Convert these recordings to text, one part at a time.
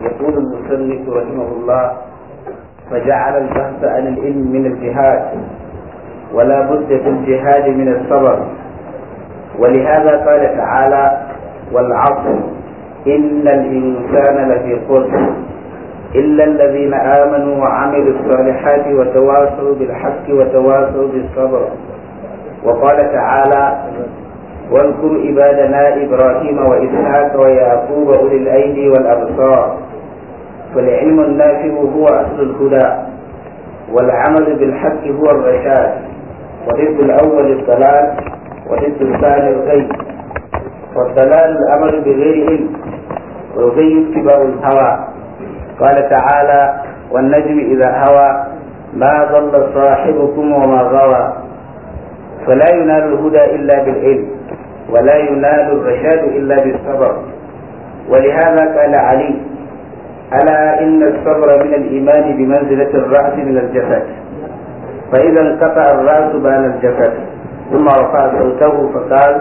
يقول المسلم رحمه الله فجعل البحث عن العلم من الجهاد ولا بد في الجهاد من الصبر ولهذا قال تعالى والعصر إن الإنسان لفي خسر إلا الذين آمنوا وعملوا الصالحات وتواصوا بالحق وتواصوا بالصبر وقال تعالى واذكر عبادنا إبراهيم وإسحاق ويعقوب أولي الأيدي والأبصار فالعلم النافع هو أصل الهدى والعمل بالحق هو الرشاد وضد الأول الضلال وضد الثاني الغي والضلال الأمر بغير علم والغي اتباع الهوى قال تعالى والنجم إذا هوى ما ضل صاحبكم وما غوى فلا ينال الهدى إلا بالعلم ولا ينال الرشاد إلا بالصبر ولهذا قال علي ألا إن الصبر من الإيمان بمنزلة الرأس من الجسد فإذا انقطع الرأس بان الجسد ثم رفع صوته فقال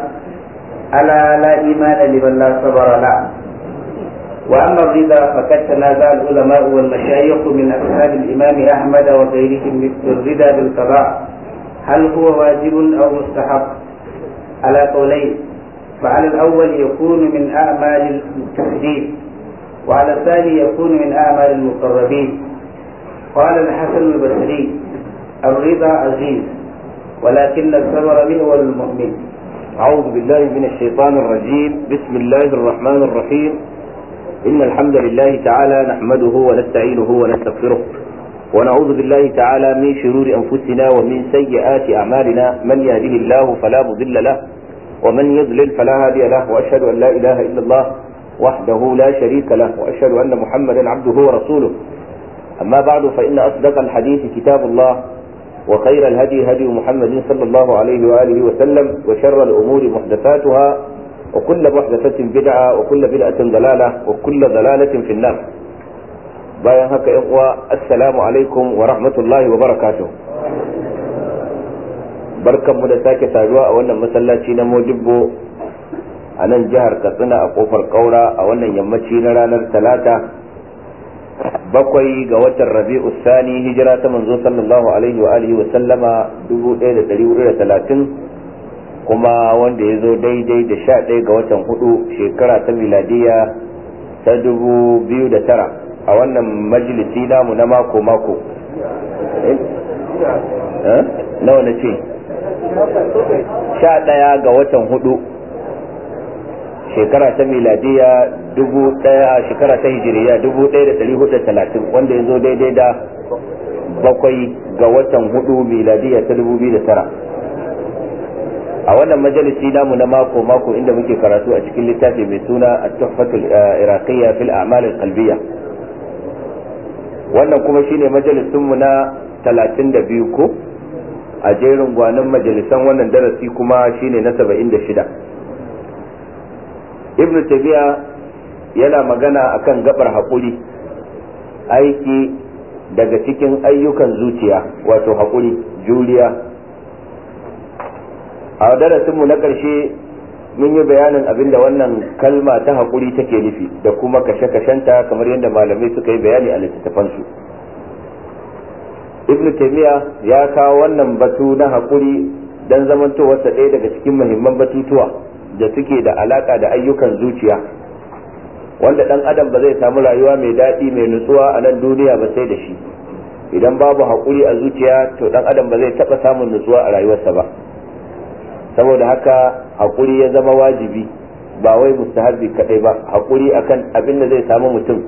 ألا لا إيمان لمن لا صبر له وأما الرضا فقد تنازع العلماء والمشايخ من أصحاب الإمام أحمد وغيرهم مثل الرضا بالقضاء هل هو واجب أو مستحق على قولين فعلى الأول يكون من أعمال التحديد وعلى الثاني يكون من أعمال المقربين قال الحسن البصري الرضا عزيز ولكن الثمر منه هو المؤمن أعوذ بالله من الشيطان الرجيم بسم الله الرحمن الرحيم إن الحمد لله تعالى نحمده ونستعينه ونستغفره ونعوذ بالله تعالى من شرور أنفسنا ومن سيئات أعمالنا من يهده الله فلا مضل له ومن يضلل فلا هادي له وأشهد أن لا إله إلا الله وحده لا شريك له وأشهد أن محمدا عبده ورسوله أما بعد فإن أصدق الحديث كتاب الله وخير الهدي هدي محمد صلى الله عليه وآله وسلم وشر الأمور محدثاتها وكل محدثة بدعة وكل بدعة ضلالة وكل ضلالة في النار bayan هكا إخوة السلام عليكم ورحمة الله وبركاته بركة مدساكة barkanmu da sake saduwa a nan jihar katsina a kofar kaura a wannan yammaci na ranar talata bakwai ga watan rabi'u sani hijira ta manzo sallallahu alaihi wa alihi wa sallama 1430 kuma wanda ya zo daidai da 11 ga watan hudu shekara ta miladiya ta 2009 a wannan majalisi namu na mako mako eh? Eh? nawa na ce 11 ga watan hudu shekara ta miladiya dubu daya shekara ta hijiriya dubu daya da dari hudu talatin wanda ya zo daidai da bakwai ga watan hudu miladiya ta dubu biyu da tara a wannan majalisi namu na mako mako inda muke karatu a cikin littafi mai suna a tuhfatul eh, iraqiyya fil a'mal al wannan kuma shine majalisin mu na 32 ko a jerin gwanin majalisan wannan darasi kuma shine na 76 ibn tabiya yana magana akan gabar haƙuri aiki daga cikin ayyukan zuciya wato haƙuri juriya a darasinmu na ƙarshe mun yi bayanin abin da wannan kalma ta haƙuri take nufi da kuma kashe-kashenta kamar yadda malamai suka yi bayani a littattafansu ibn taimiyya ya kawo wannan batu na haƙuri don zamantowarsa ɗaya daga cikin muhimman batutuwa da suke da alaka da ayyukan zuciya wanda dan adam ba zai samu rayuwa mai daɗi mai nutsuwa a nan duniya ba sai da shi idan babu haƙuri a zuciya to dan adam ba zai taɓa samun nutsuwa a rayuwarsa ba saboda haka haƙuri ya zama wajibi ba wai mustahabi kaɗai ba haƙuri akan abin da zai samu mutum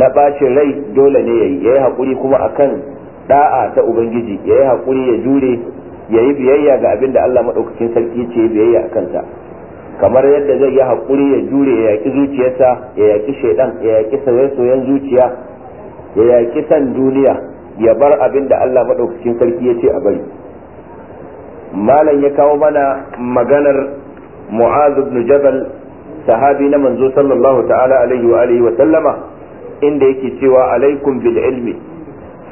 na bashi rai dole ne ya yi ya yi haƙuri kuma akan ɗa'a ta ubangiji ya yi haƙuri ya jure ya yi biyayya ga abin da Allah maɗaukakin sarki ce ya biyayya a kansa kamar yadda zai yi haƙuri ya jure ya yaƙi zuciyarsa ya yaƙi shaidan ya yaƙi sauye zuciya ya yaƙi san duniya ya bar abin da Allah maɗaukakin sarki ya ce a bari malam ya kawo mana maganar mu'az ibn jabal sahabi na manzo sallallahu ta'ala alaihi wa alihi wa sallama inda yake cewa alaikum bil ilmi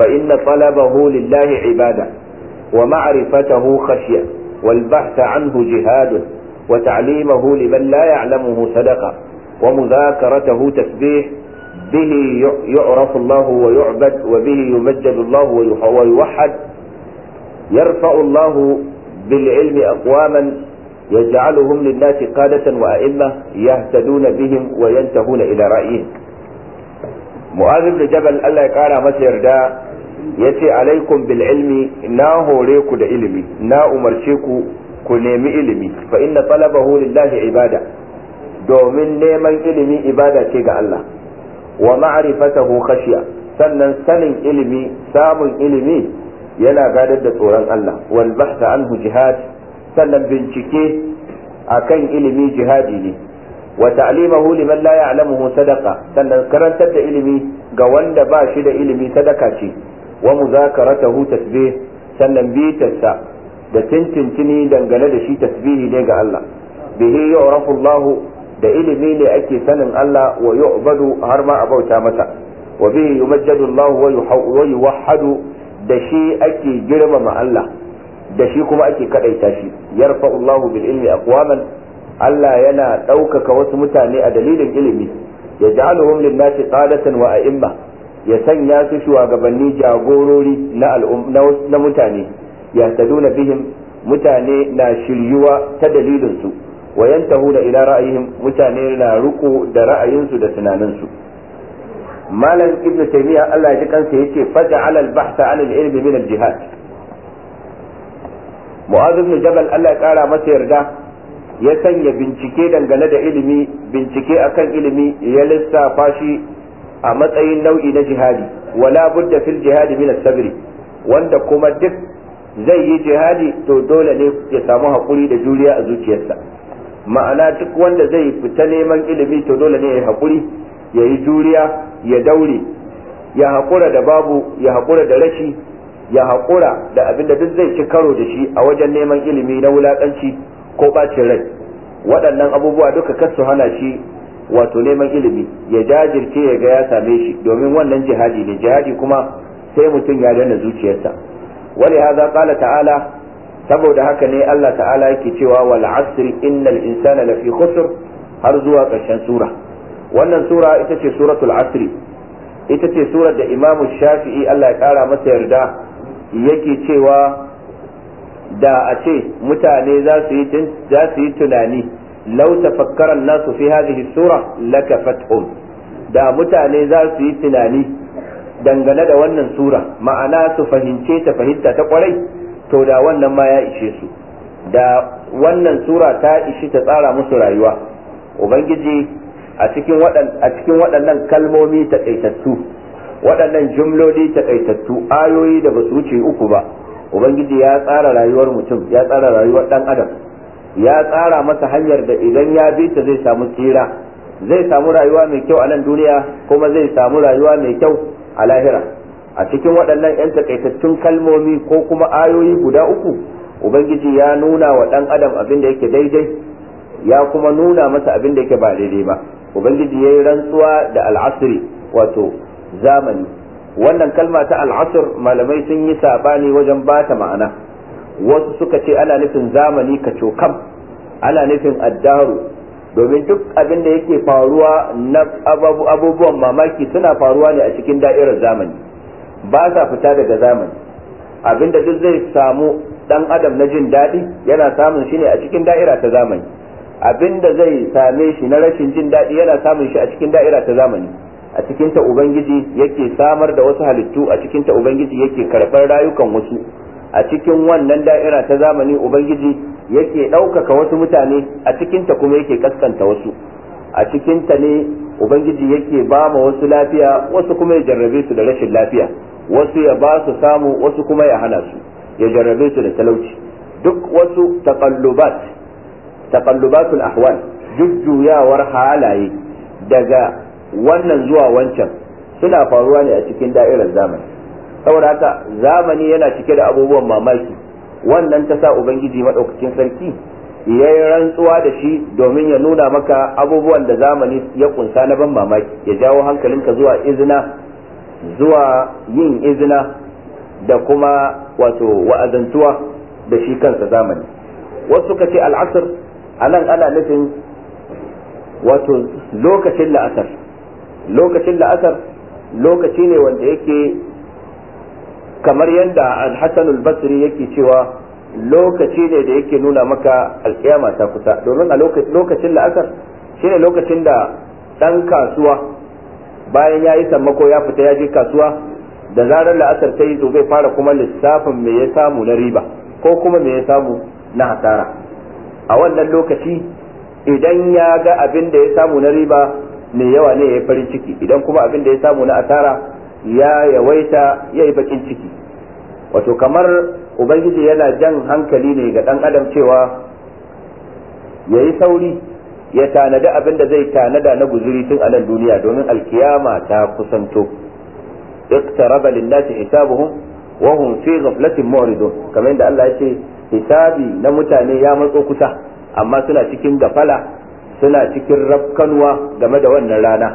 fa inna talabahu lillahi ibada ومعرفته خشية والبحث عنه جهاد وتعليمه لمن لا يعلمه صدقة ومذاكرته تسبيح به يعرف الله ويعبد وبه يمجد الله ويوحد يرفع الله بالعلم أقواما يجعلهم للناس قادة وأئمة يهتدون بهم وينتهون إلى رأيهم معاذ بن جبل الله يقال مسير سيردا yace alaikum bil ilmi na hore ku da ilimi na umarce ku ku nemi ilimi fa inna talabahu lillahi ibada domin neman ilimi ibada ce ga Allah wa ma'rifatahu khashiya sannan sanin ilimi samun ilimi yana gadar da tsoron Allah wal bahtha anhu jihad sannan bincike akan ilimi jihadi ne wa ta'limahu liman la ya'lamuhu sadaqa sannan karantar da ilimi ga wanda ba shi da ilimi sadaka ce wa muzakaratahu tasbih sannan bitarsa da tintintini dangane da shi tasbihi ne ga Allah bihi yu'rafu Allah da ilimi ne ake sanin Allah wa yu'badu har ma abauta masa wa bihi yumajjadu Allah wa yuwahhadu da shi ake girmama Allah da shi kuma ake kadaita shi yarfa'u Allah bil ilmi aqwaman Allah yana ɗaukaka wasu mutane a dalilin ilimi ya ja'aluhum lin-nasi qadatan wa a'imma ya sanya su shugabanni jagorori na mutane ya taduna bihin mutane na shiryuwa ta dalilinsu wa da ila ra'ayihim mutane na riko da ra'ayinsu da tunaninsu malam ibnu taymiya Allah ya ji kansa yace faj'al al bahth 'an al-ilm min al-jihad mu'adh ibn jabal Allah ya kara masa yarda ya sanya bincike dangane da ilimi bincike akan ilimi ya lissafa shi a matsayin nau'i na jihadi wala budda fil jihadi min sabri wanda kuma duk zai yi jihadi to dole ne ya samu hakuri da juriya a zuciyarsa ma'ana duk wanda zai fita neman ilimi to dole ne ya yi hakuri ya yi juriya ya daure ya hakura da babu ya hakura da rashi ya hakura da abinda duk zai ci karo da shi a wajen neman ilimi na wulakanci ko bacin rai waɗannan abubuwa duka su hana shi wato neman ilimi ya jajirce ya ga ya same shi domin wannan jihadi ne jihadi kuma sai mutum ya danna zuciyarsa wani haza kala ta'ala saboda haka ne Allah ta'ala yake cewa wal asri innal insana lafi khusr har zuwa ƙarshen sura wannan sura ita ce suratul asri ita ce surar da imamu shafi'i Allah ya kara masa yarda yake cewa da a ce mutane za su yi tunani لو تفكر الناس nasu fi hadhihi sura lakafathum da mutane za su yi tunani dangane da wannan sura ma'ana su fahimce ta fahimta ta kwarai to da wannan ma ya ishe su da wannan sura ta ishi ta tsara musu rayuwa ubangiji a cikin waɗannan kalmomi ta kaitattu waɗannan jumloli kaitattu ayoyi da ba su wuce uku ba ubangiji ya tsara rayuwar mutum ya tsara rayuwar ɗan adam ya tsara masa hanyar da idan ya bi ta zai samu tsira zai samu rayuwa mai kyau a nan duniya kuma zai samu rayuwa mai kyau a lahira a cikin waɗannan 'yan takaitattun kalmomi ko kuma ayoyi guda uku ubangiji ya nuna wa ɗan adam abin da yake daidai ya kuma nuna masa abin da yake ba daidai ba ubangiji ya yi rantsuwa da al'asiri wato zamani wannan kalma ta al'asr malamai sun yi sabani wajen ba ta ma'ana wasu suka ce ana nufin zamani ka cokam ana nufin addaru domin duk abin da yake faruwa na abubuwan mamaki suna faruwa ne a cikin da'irar zamani ba sa fita daga zamani abin da duk zai samu dan adam na jin daɗi yana samun shi ne a cikin da'ira ta zamani abin da zai same shi na rashin jin daɗi yana samun shi a cikin da'ira ta zamani a cikinta ubangiji yake samar da wasu halittu a cikinta ubangiji yake karɓar rayukan wasu a cikin wannan da'ira ta zamani ubangiji yake ɗaukaka wasu mutane a cikinta kuma yake kaskanta wasu a cikinta ne ubangiji yake ba ma wasu lafiya wasu kuma ya jarrabe su da rashin lafiya wasu ya ba su samu wasu kuma ya hana su ya jarrabe su da talauci duk wasu taqallubat taqallubatul ahwal jujjuyawar halaye daga wannan zuwa wancan suna faruwa ne a cikin da'irar zamani saboda haka zamani yana cike da abubuwan mamaki wannan ta sa ubangiji madaukakin sarki ya yi rantsuwa da shi domin ya nuna maka abubuwan da zamani ya kunsa na ban mamaki ya jawo hankalinka zuwa izina zuwa yin izina da kuma wato wa'azantuwa da shi kansa zamani wasu suka ce al'asr a nan ana nufin wato lokacin la'asar lokacin la'asar lokaci ne wanda yake kamar yadda al-hasan al-basri yake cewa lokaci ne da yake nuna maka alkiyama ta kusa domin a lokacin la'asar shine lokacin da dan kasuwa bayan ya yi sammako ya fita ya je kasuwa da zarar la'asar ta yi to zai fara kuma lissafin me ya samu na riba ko kuma me ya samu na hasara a wannan lokaci idan ya ga abin da ya samu na riba mai yawa ne ya farin ciki idan kuma abin da ya samu na asara ya yawaita ya yi bakin ciki wato kamar ubangiji yana jan hankali ne ga ɗan adam cewa ya yi sauri ya tanadi abin da zai tanada na guzuri tun a nan duniya domin alkiyama ta kusanto iqtaraba lin-nasi hisabuhum wa hum fi ghaflatin mu'ridun kamar yadda Allah ya ce hisabi na mutane ya matso kusa amma suna cikin gafala suna cikin rafkanuwa game da wannan rana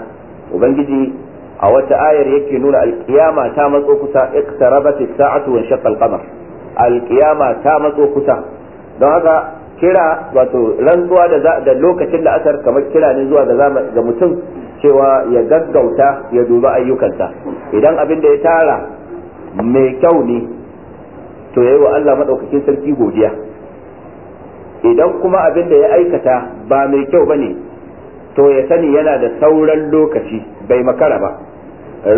ubangiji a wata ayar yake nuna alkiyama ta matso kusa iqtarabat as-sa'atu wa shaqqa al-qamar alkiyama ta matso kusa don haka kira wato rantsuwa da da lokacin da asar kamar kira ne zuwa ga mutum cewa ya gaggauta ya duba ayyukansa idan abin da ya tara mai kyau ne to yayi wa Allah madaukakin sarki godiya idan kuma abin da ya aikata ba mai kyau bane to ya sani yana da sauran lokaci bai makara ba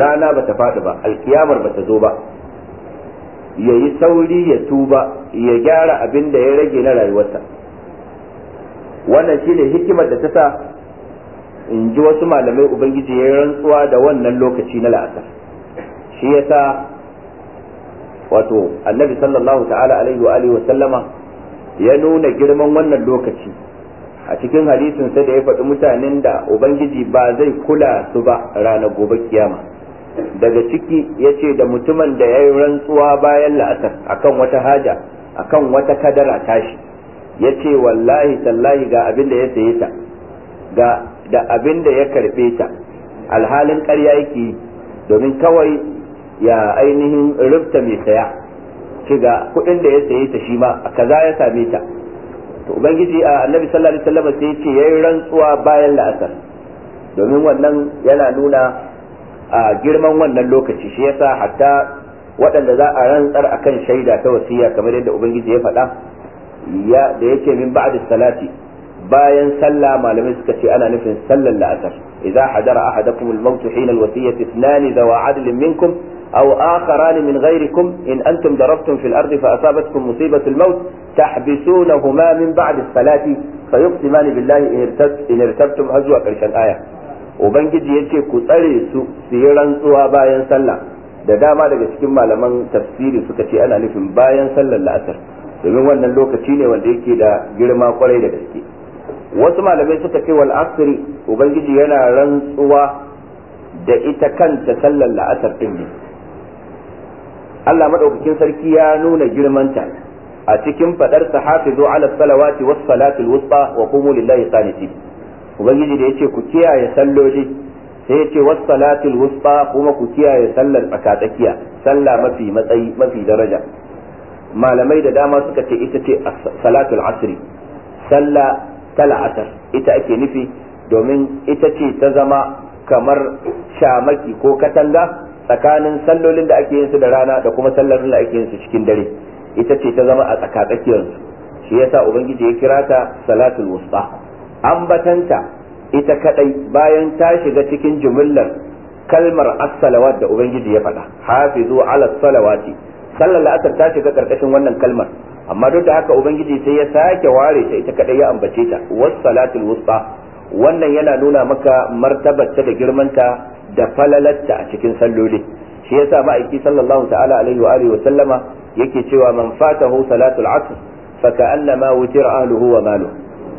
rana ba ta faɗi ba alkiyamar ba ta zo ba ya yi sauri ya tuba ya gyara abin da ya rage na rayuwarsa wannan shine hikimar da ta sa in ji wasu malamai ubangiji ya rantsuwa da wannan lokaci na la'asar shi ya sa wato annabi sallallahu ta'ala alaihi wa alihi wa sallama ya nuna girman wannan lokaci a cikin hadisin sai da ya faɗi mutanen da ubangiji ba zai kula su ba ranar gobe kiyama daga ciki ya ce da mutumin da ya yi rantsuwa bayan la'asar akan wata haja akan wata kadara tashi ya ce wallahi tallahi ga abin da ya saye ta ga da abin da ya karɓe ta alhalin karya yake domin kawai ya ainihin rubta mai saya shiga kuɗin da ya saye ta shi ma a kaza ya same ta to ubangiji a annabi sallallahu alaihi wasallam sai rantsuwa bayan la'asar domin wannan yana nuna a girman wannan lokaci shi yasa hatta waɗanda za a rantsar akan shaida ta wasiya kamar yadda ubangiji ya faɗa ya da yake min ba'da salati bayan sallah malamai suka ce ana nufin sallar la'asar idza hadara ahadakum al-maut hina al-wasiyati ithnan dawa adlin minkum أو آخران من غيركم إن أنتم ضربتم في الأرض فأصابتكم مصيبة الموت تحبسونهما من بعد الصلاة فيقسمان بالله إن ارتبتم هزوا كرشان آية Ubangiji يجي ce ku tsare su su rantsuwa bayan sallah da dama daga cikin malaman tafsiri suka ce ana nufin bayan sallar la'asar domin wannan lokaci ne wanda yake da girma kwarai da gaske wasu malamai suka ce wal asri ubangiji yana rantsuwa da ita kanta sallar la'asar din Allah madaukakin sarki ya nuna girmanta a cikin fadar hafizu ala salawati was salatul wusta wa qumu lillahi qanitin ubangiji da yace ku kiyaye salloli sai yace was salatul wusta kuma ku kiyaye sallar tsakatsakiya sallah mafi matsayi mafi daraja malamai da dama suka ce ita ce salatul asri salla tal asr ita ake nufi domin ita ce ta zama kamar shamaki ko katanga tsakanin sallolin da ake yin su da rana da kuma sallolin da ake yin su cikin dare ita ce ta zama a tsakatsakiyar su shi yasa ubangiji ya kira ta salatul wusta ambatanta ita kadai bayan ta shiga cikin jumillar kalmar as-salawat da ubangiji ya faɗa hafizu ala salawati sallar la'asar ta shiga karkashin wannan kalmar amma duk da haka ubangiji sai ya sake ware ta ita kadai ya ambace ta was salatul wusta wannan yana nuna maka martabarta da girman ta da falalarta a cikin salloli shi yasa ma'aiki sallallahu ta'ala alaihi wa alihi wa sallama yake cewa man fatahu salatul asr fa ka'annama wutira ahluhu wa maluhu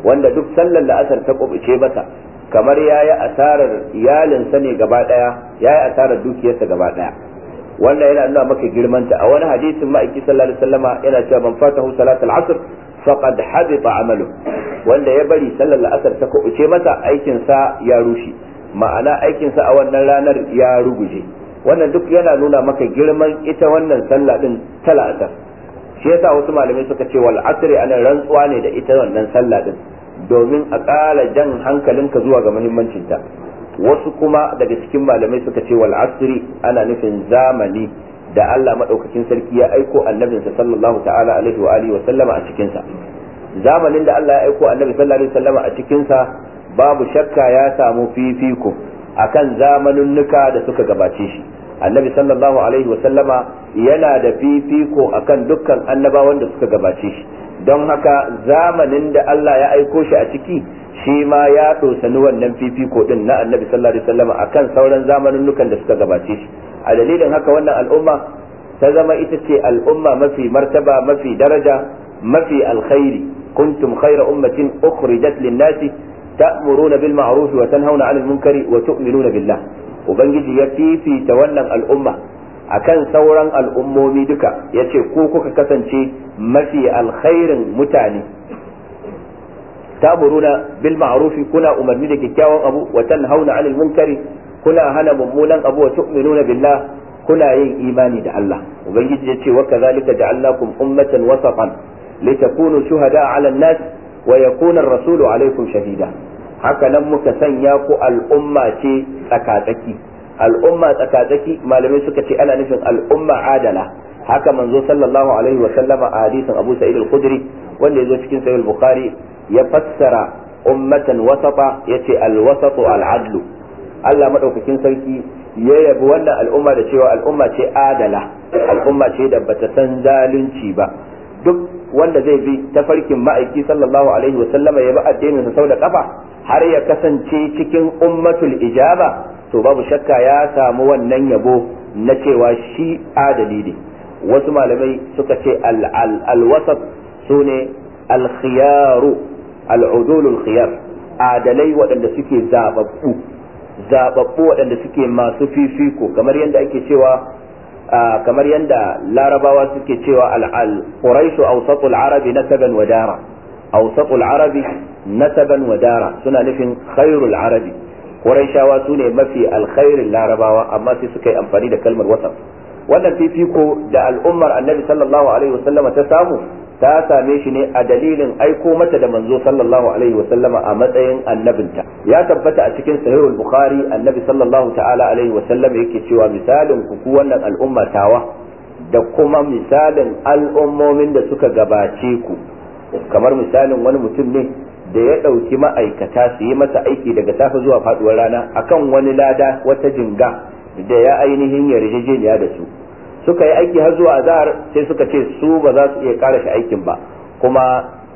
wanda duk sallar da asar ta kubuce masa kamar yayi asarar iyalinsa ne gaba daya yayi asarar dukiyarsa gaba daya wanda yana nuna maka girmanta a wani hadisin ma'aiki sallallahu alaihi wa sallama yana cewa man fatahu salatul asr faqad habita amalu wanda ya bari sallar asar ta kubuce masa aikin sa ya rushe ma'ana aikinsa a wannan ranar ya ruguje wannan duk yana nuna maka girman ita wannan sallah din ta shi yasa wasu malamai suka ce wal asri anan rantsuwa ne da ita wannan sallah din domin a ƙara jan hankalinka zuwa ga muhimmancinta wasu kuma daga cikin malamai suka ce wal asri ana nufin zamani da Allah madaukakin sarki ya aiko annabinsa sallallahu ta'ala alaihi wa alihi wa sallama a cikin sa zamanin da Allah ya aiko annabi sallallahu alaihi wa sallama a cikin sa babu shakka ya samu fifiko akan zamaninnuka da suka gabace shi annabi sallallahu alaihi wasallama yana da fifiko akan dukkan annabawan da suka gabace shi don haka zamanin da Allah ya aiko shi a ciki shi ma ya dosani wannan fifiko din na annabi sallallahu alaihi wasallama akan sauran zamaninnukan da suka gabace shi a dalilin haka wannan al'umma ta zama ita ce al'umma mafi martaba mafi daraja mafi alkhairi kuntum khayra ummatin ukhrijat lin-nasi ta'muruna bil ma'ruf wa tanhauna 'anil munkari wa tu'minuna billah ubangiji ya fifita wannan al'umma a kan sauran al'ummomi duka ya ce ko kuka kasance mafi alkhairin mutane ta'muruna bil ma'ruf kuna umarni da kyakkyawan abu wa tanhauna 'anil munkari kuna hana mummunan abu wa tu'minuna billah kuna yin imani da Allah ubangiji yace wa kadhalika ja'alnakum ummatan wasatan litakunu shuhada a an-nas wa yakuna rasulu alaikum shahida haka nan muka sanya ku al'umma ce tsakatsaki al'umma tsakatsaki malamai suka ce ana nufin al'umma adala haka manzo sallallahu alaihi wa sallama a hadisin Abu Sa'id al-Khudri wanda yazo cikin Sahih al-Bukhari ya fassara ummatan wasata yace al-wasatu al-adlu Allah madaukakin sarki ya yabi wannan al'umma da cewa al'umma ce adala al'umma ce da bata san zalunci ba duk wanda zai bi tafarkin ma'aiki sallallahu alaihi wa sallama ya bi addinin sa sau da kafa har ya kasance cikin ummatul ijaba to babu shakka ya samu wannan yabo na cewa shi adali ne wasu malamai suka ce al-wasat sune al-khiyaru al-udulul khiyar adalai waɗanda suke zababbu zababbu waɗanda suke masu fifiko kamar yadda ake cewa kamar yadda larabawa suke cewa al quraishu awsatul arabi nasaban wa dara awsatul arabi nasaban wa dara suna nufin khairul arabi quraishawa sune mafi alkhairin larabawa amma sai suka yi amfani da kalmar wasaf wannan fifiko da al'ummar annabi sallallahu alaihi wasallam ta samu ta same shi ne a dalilin aiko mata da manzo sallallahu alaihi wa sallama a matsayin annabinta ya tabbata a cikin sahihul bukhari annabi sallallahu ta'ala alaihi wa sallama yake cewa misalin ku ku wannan al'umma tawa da kuma misalin al'ummomin da suka gabace ku kamar misalin wani mutum ne da ya ɗauki ma'aikata su yi masa aiki daga safe zuwa faduwar rana akan wani lada wata jinga da ya ainihin yarjejeniya da su suka yi aiki har zuwa azahar sai suka ce su ba za su iya ƙara shi aikin ba kuma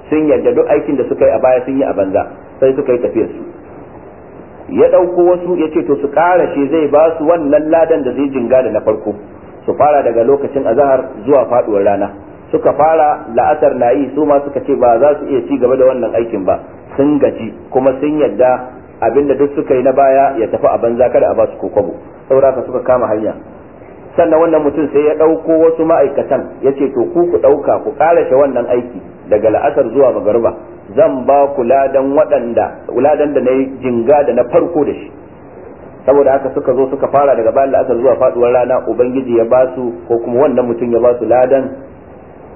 sun yarda duk aikin da suka yi a baya sun yi a banza sai suka yi tafiyar su ya ɗauko wasu ya ce to su ƙara shi zai ba su wannan ladan da zai jinga da na farko su fara daga lokacin azahar zuwa faduwar rana suka fara la'asar na yi su ma suka ce ba za su iya ci gaba da wannan aikin ba sun gaji kuma sun yarda abinda duk suka yi na baya ya tafi a banza kada a ba su kokobo saboda suka kama hanya sannan wannan mutum sai ya ɗauko wasu ma'aikatan ya ce to ku ku ɗauka ku ƙarashe wannan aiki daga la'asar zuwa magariba zan ba ku ladan waɗanda ladan da na yi jinga da na farko da shi saboda haka suka zo suka fara daga bayan la'asar zuwa faɗuwar rana ubangiji ya ba su ko kuma wannan mutum ya ba su ladan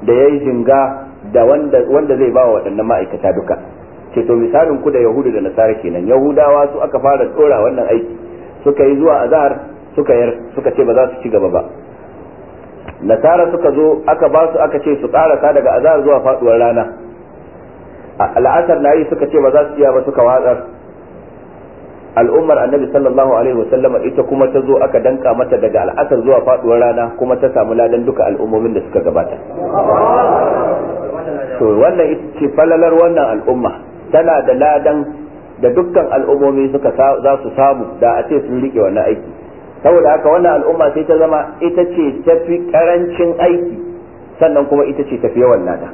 da ya yi jinga da wanda zai ba wa waɗannan ma'aikata duka ce to misalin ku da yahudu da nasara kenan yahudawa su aka fara ɗora wannan aiki suka yi zuwa azhar suka yar suka ce ba za su ci gaba ba nasara suka zo aka ba su aka ce su karasa daga azar zuwa faduwar rana al'asar na yi suka ce ba za su iya ba suka watsar al'ummar annabi sallallahu alaihi wasallam ita kuma ta zo aka danka mata daga al'asar zuwa faduwar rana kuma ta samu ladan duka al'ummomin da suka gabata to wannan ita ce falalar wannan al'umma tana da ladan da dukkan al'ummomi suka za su samu da a ce sun rike wannan aiki saboda haka wannan al'umma sai ta zama ita ce tafi karancin aiki sannan kuma ita ce tafi yawan nada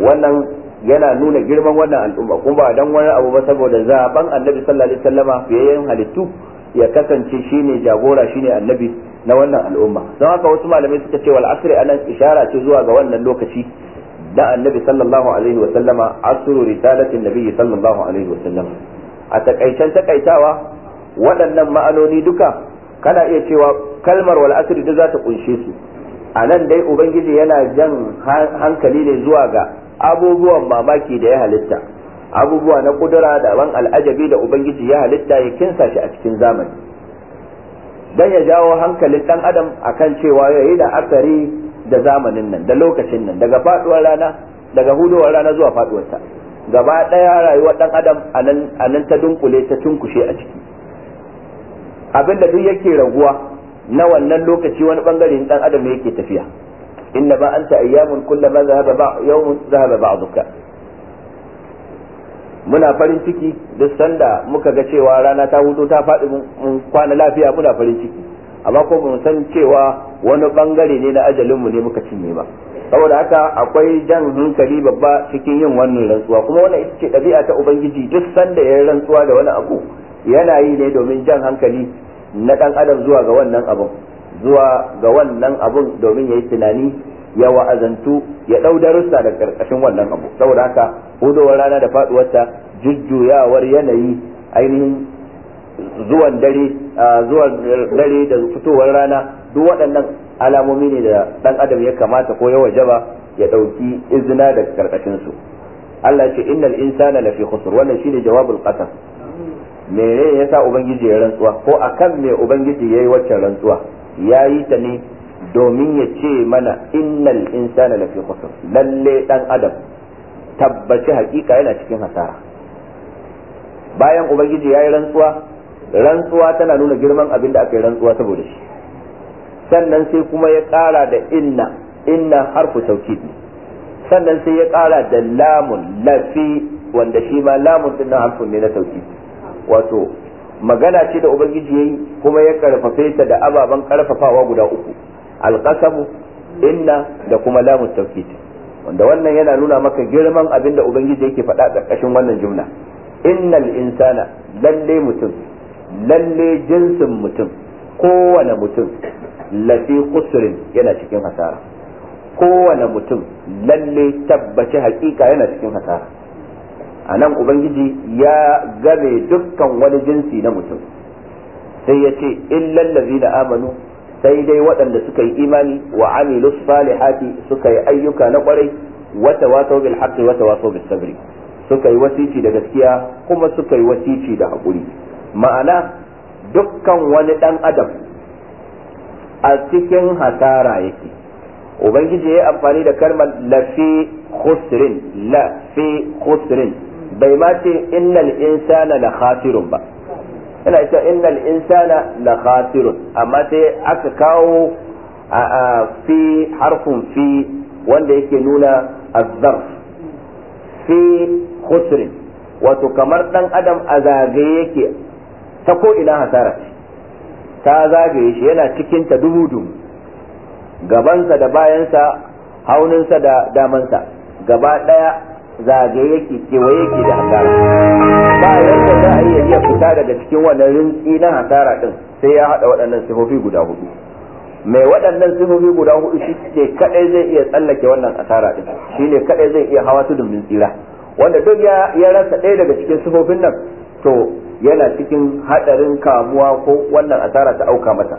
wannan yana nuna girman wannan al'umma kuma ba dan wani abu ba saboda zaben annabi sallallahu alaihi wasallama fiyayen halittu ya kasance shine jagora shine annabi na wannan al'umma don haka wasu malamai suka ce wal asri anan ishara ce zuwa ga wannan lokaci da annabi sallallahu alaihi wasallama asru risalatin nabi sallallahu alaihi wasallam a takaicen takaitawa waɗannan ma'anoni duka kana iya cewa kalmar wal asri duk za ta kunshe su a nan dai ubangiji yana jan hankali ne zuwa ga abubuwan mamaki da ya halitta abubuwa na kudura da ban al'ajabi da ubangiji ya halitta ya kinsa shi a cikin zamani dan ya jawo hankalin dan adam akan cewa yayi da asari da zamanin nan da lokacin nan daga faduwar rana daga hudowar rana zuwa faduwar gaba daya rayuwar dan adam a nan ta dunkule ta tunkushe a ciki abin da duk yake raguwa na wannan lokaci wani bangare dan adam yake tafiya inna ba anta ayyamun kullama zahaba ba yawmun zahaba muna farin ciki duk sanda muka ga cewa rana ta hudu ta faɗi mun kwana lafiya muna farin ciki amma ko mun san cewa wani bangare ne na ajalinmu ne muka cinye ba saboda haka akwai jan hankali babba cikin yin wannan rantsuwa kuma wannan ita ce ɗabi'a ta ubangiji duk sanda ya rantsuwa da wani abu yana yi ne domin jan hankali na ɗan adam zuwa ga wannan abun zuwa ga wannan abun domin ya yi tunani ya wa'azantu ya ɗau darussa da ƙarƙashin wannan abu saboda haka hudowar rana da faɗuwarta jujjuyawar yanayi ainihin zuwan dare zuwan dare da fitowar rana duk waɗannan alamomi ne da ɗan adam ya kamata ko ya wajaba ya ɗauki izina da ƙarƙashin su Allah ce innal insana lafi khusr wannan shine jawabul qasam ya sa ubangiji ya rantsuwa ko akan me ubangiji yayi waccan rantsuwa yayi ta ne domin ya ce mana innal insana lafi khusr lalle dan adam tabbaci hakika yana cikin hasara bayan ubangiji yayi rantsuwa rantsuwa tana nuna girman abin da aka yi rantsuwa saboda shi sannan sai kuma ya kara da inna inna harfu tawkid ne sannan sai ya kara da lamun lafi wanda shi ma lamun din harfun ne na sauki. wato magana ce da ubangiji yayi kuma ya karfafe ta da ababan karfafawa guda uku alqasamu inna da kuma lamu tawkid wanda wannan yana nuna maka girman abin da ubangiji yake faɗa ƙarƙashin wannan jumla innal insana lalle mutum lalle jinsin mutum kowane mutum lafi kusurin yana cikin hasara kowane mutum lalle tabbaci hakika yana cikin hasara a nan ubangiji ya game dukkan wani jinsi na mutum sai ya ce illallazi da amanu sai dai waɗanda suka yi imani wa amilu salihati suka yi ayyuka na kwarai wata wato bil haqqi wata wato bis sabri suka yi wasici da gaskiya kuma suka yi wasici da haƙuri ma'ana dukkan wani ɗan adam a cikin hasara yake ubangiji ya amfani da kalmar lafi khusrin lafi khusrin bai ma ce innal insana la khasirun ba yana ita innal insana la khasirun amma sai aka kawo fi harfin fi wanda yake nuna azzar fi khusrin wato kamar dan adam a zagaye yake ta ko ina hasara ta zagaye shi yana cikin ta dubu gabansa da bayansa hauninsa da damansa gaba daya zagaye yake kewaye yake da hasara ba yadda za a iya fita daga cikin wannan rintsi na hasara din sai ya haɗa waɗannan sifofi guda hudu mai waɗannan sifofi guda hudu shi ne kaɗai zai iya tsallake wannan asara din shi ne kaɗai zai iya hawa su min tsira wanda duk ya rasa ɗaya daga cikin sifofin nan to yana cikin haɗarin kamuwa ko wannan asara ta auka mata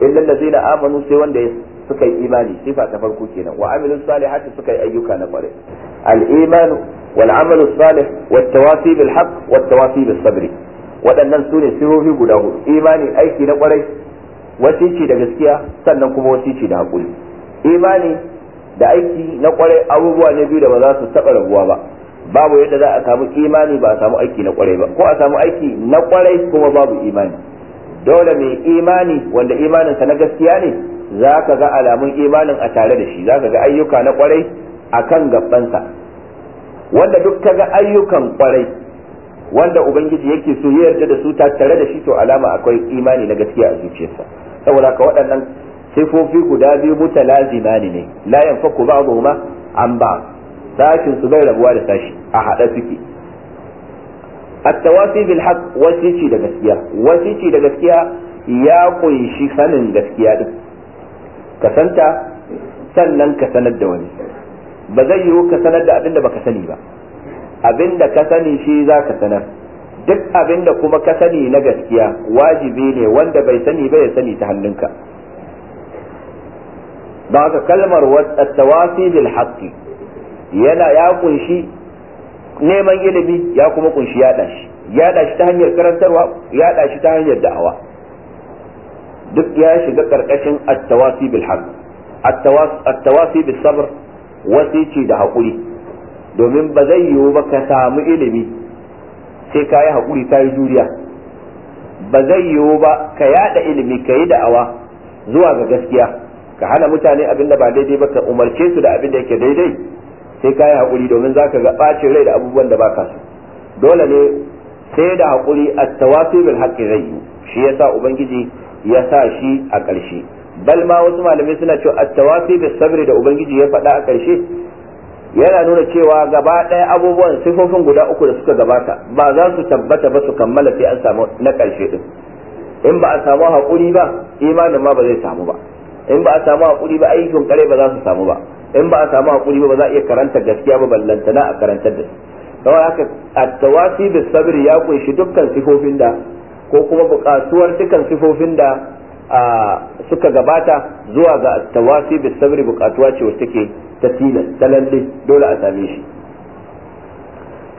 illal ladzina amanu sai wanda ya suka yi imani sifa ta farko kenan wa amilu salihat suka yi ayyuka na kwarai al imanu wal amalu salih wat tawafi bil haqq wat tawafi bis sabr waɗannan sune ne sifofi guda hudu imani aiki na kwarai wasici da gaskiya sannan kuma wasici da hakuri imani da aiki na kwarai abubuwa ne biyu da ba za su taɓa rabuwa ba babu yadda za a samu imani ba a samu aiki na kwarai ba ko a samu aiki na kwarai kuma babu imani dole mai imani wanda imanin imaninsa na gaskiya ne za ka ga alamun imanin a tare da shi za ka ga ayyuka na kwarai a kan gabansa wanda duk ka ga ayyukan kwarai wanda ubangiji yake so ya yarda da su tare da shi to alama akwai imani na gaskiya a zuciyarsa saboda ka waɗannan sifofi guda biyu mutalazima ne ne la yanfaku ba'dhuma an ba sashin su bai rabuwa da sashi a haɗa suke bil haqq وسيتي da gaskiya وسيتي da gaskiya ya kunshi sanin gaskiya din ka santa sannan ka sanar da wani ba zai yiwu ka sanar da abinda ba ka sani ba abinda da ka sani shi za ka sanar duk abinda kuma ka sani na gaskiya wajibi ne wanda bai sani ba ya sani ta hannunka ba ka kalmar wasu bil haqqi yana ya kunshi neman ilimi ya kuma kunshi yada shi shi ta hanyar karantarwa yada shi ta hanyar da'awa duk ya shiga karkashin at-tawasi bil haqq at-tawasi bis sabr wasici da hakuri domin ba zai yiwu ba ka samu ilimi sai ka yi hakuri ka yi juriya ba zai yiwu ba ka yada ilimi ka yi da'awa zuwa ga gaskiya ka hana mutane abinda ba daidai ba ka umarce su da abinda da yake daidai sai ka yi hakuri domin za ka ga ɓacin rai da abubuwan da baka su dole ne sai da haƙuri at-tawasi bil haqqi zai yiwu shi yasa ubangiji ya sa shi a ƙarshe bal ma wasu malamai suna cewa at-tawafi bis sabri da ubangiji ya faɗa a ƙarshe yana nuna cewa gaba ɗaya abubuwan sifofin guda uku da suka gabata ba za su tabbata ba su kammala sai an samu na ƙarshe din in ba a samu haƙuri ba imanin ma ba zai samu ba in ba a samu haƙuri ba aikin kare ba za su samu ba in ba a samu haƙuri ba ba za a iya karanta gaskiya ba ballantana a karantar da su don haka at-tawafi bis sabri ya kunshi dukkan sifofin da ko kuma bukatuwar dukan sifofin da suka gabata zuwa ga tawafi bi sabri buƙatuwa ce wacce take ta tilan talalle dole a same shi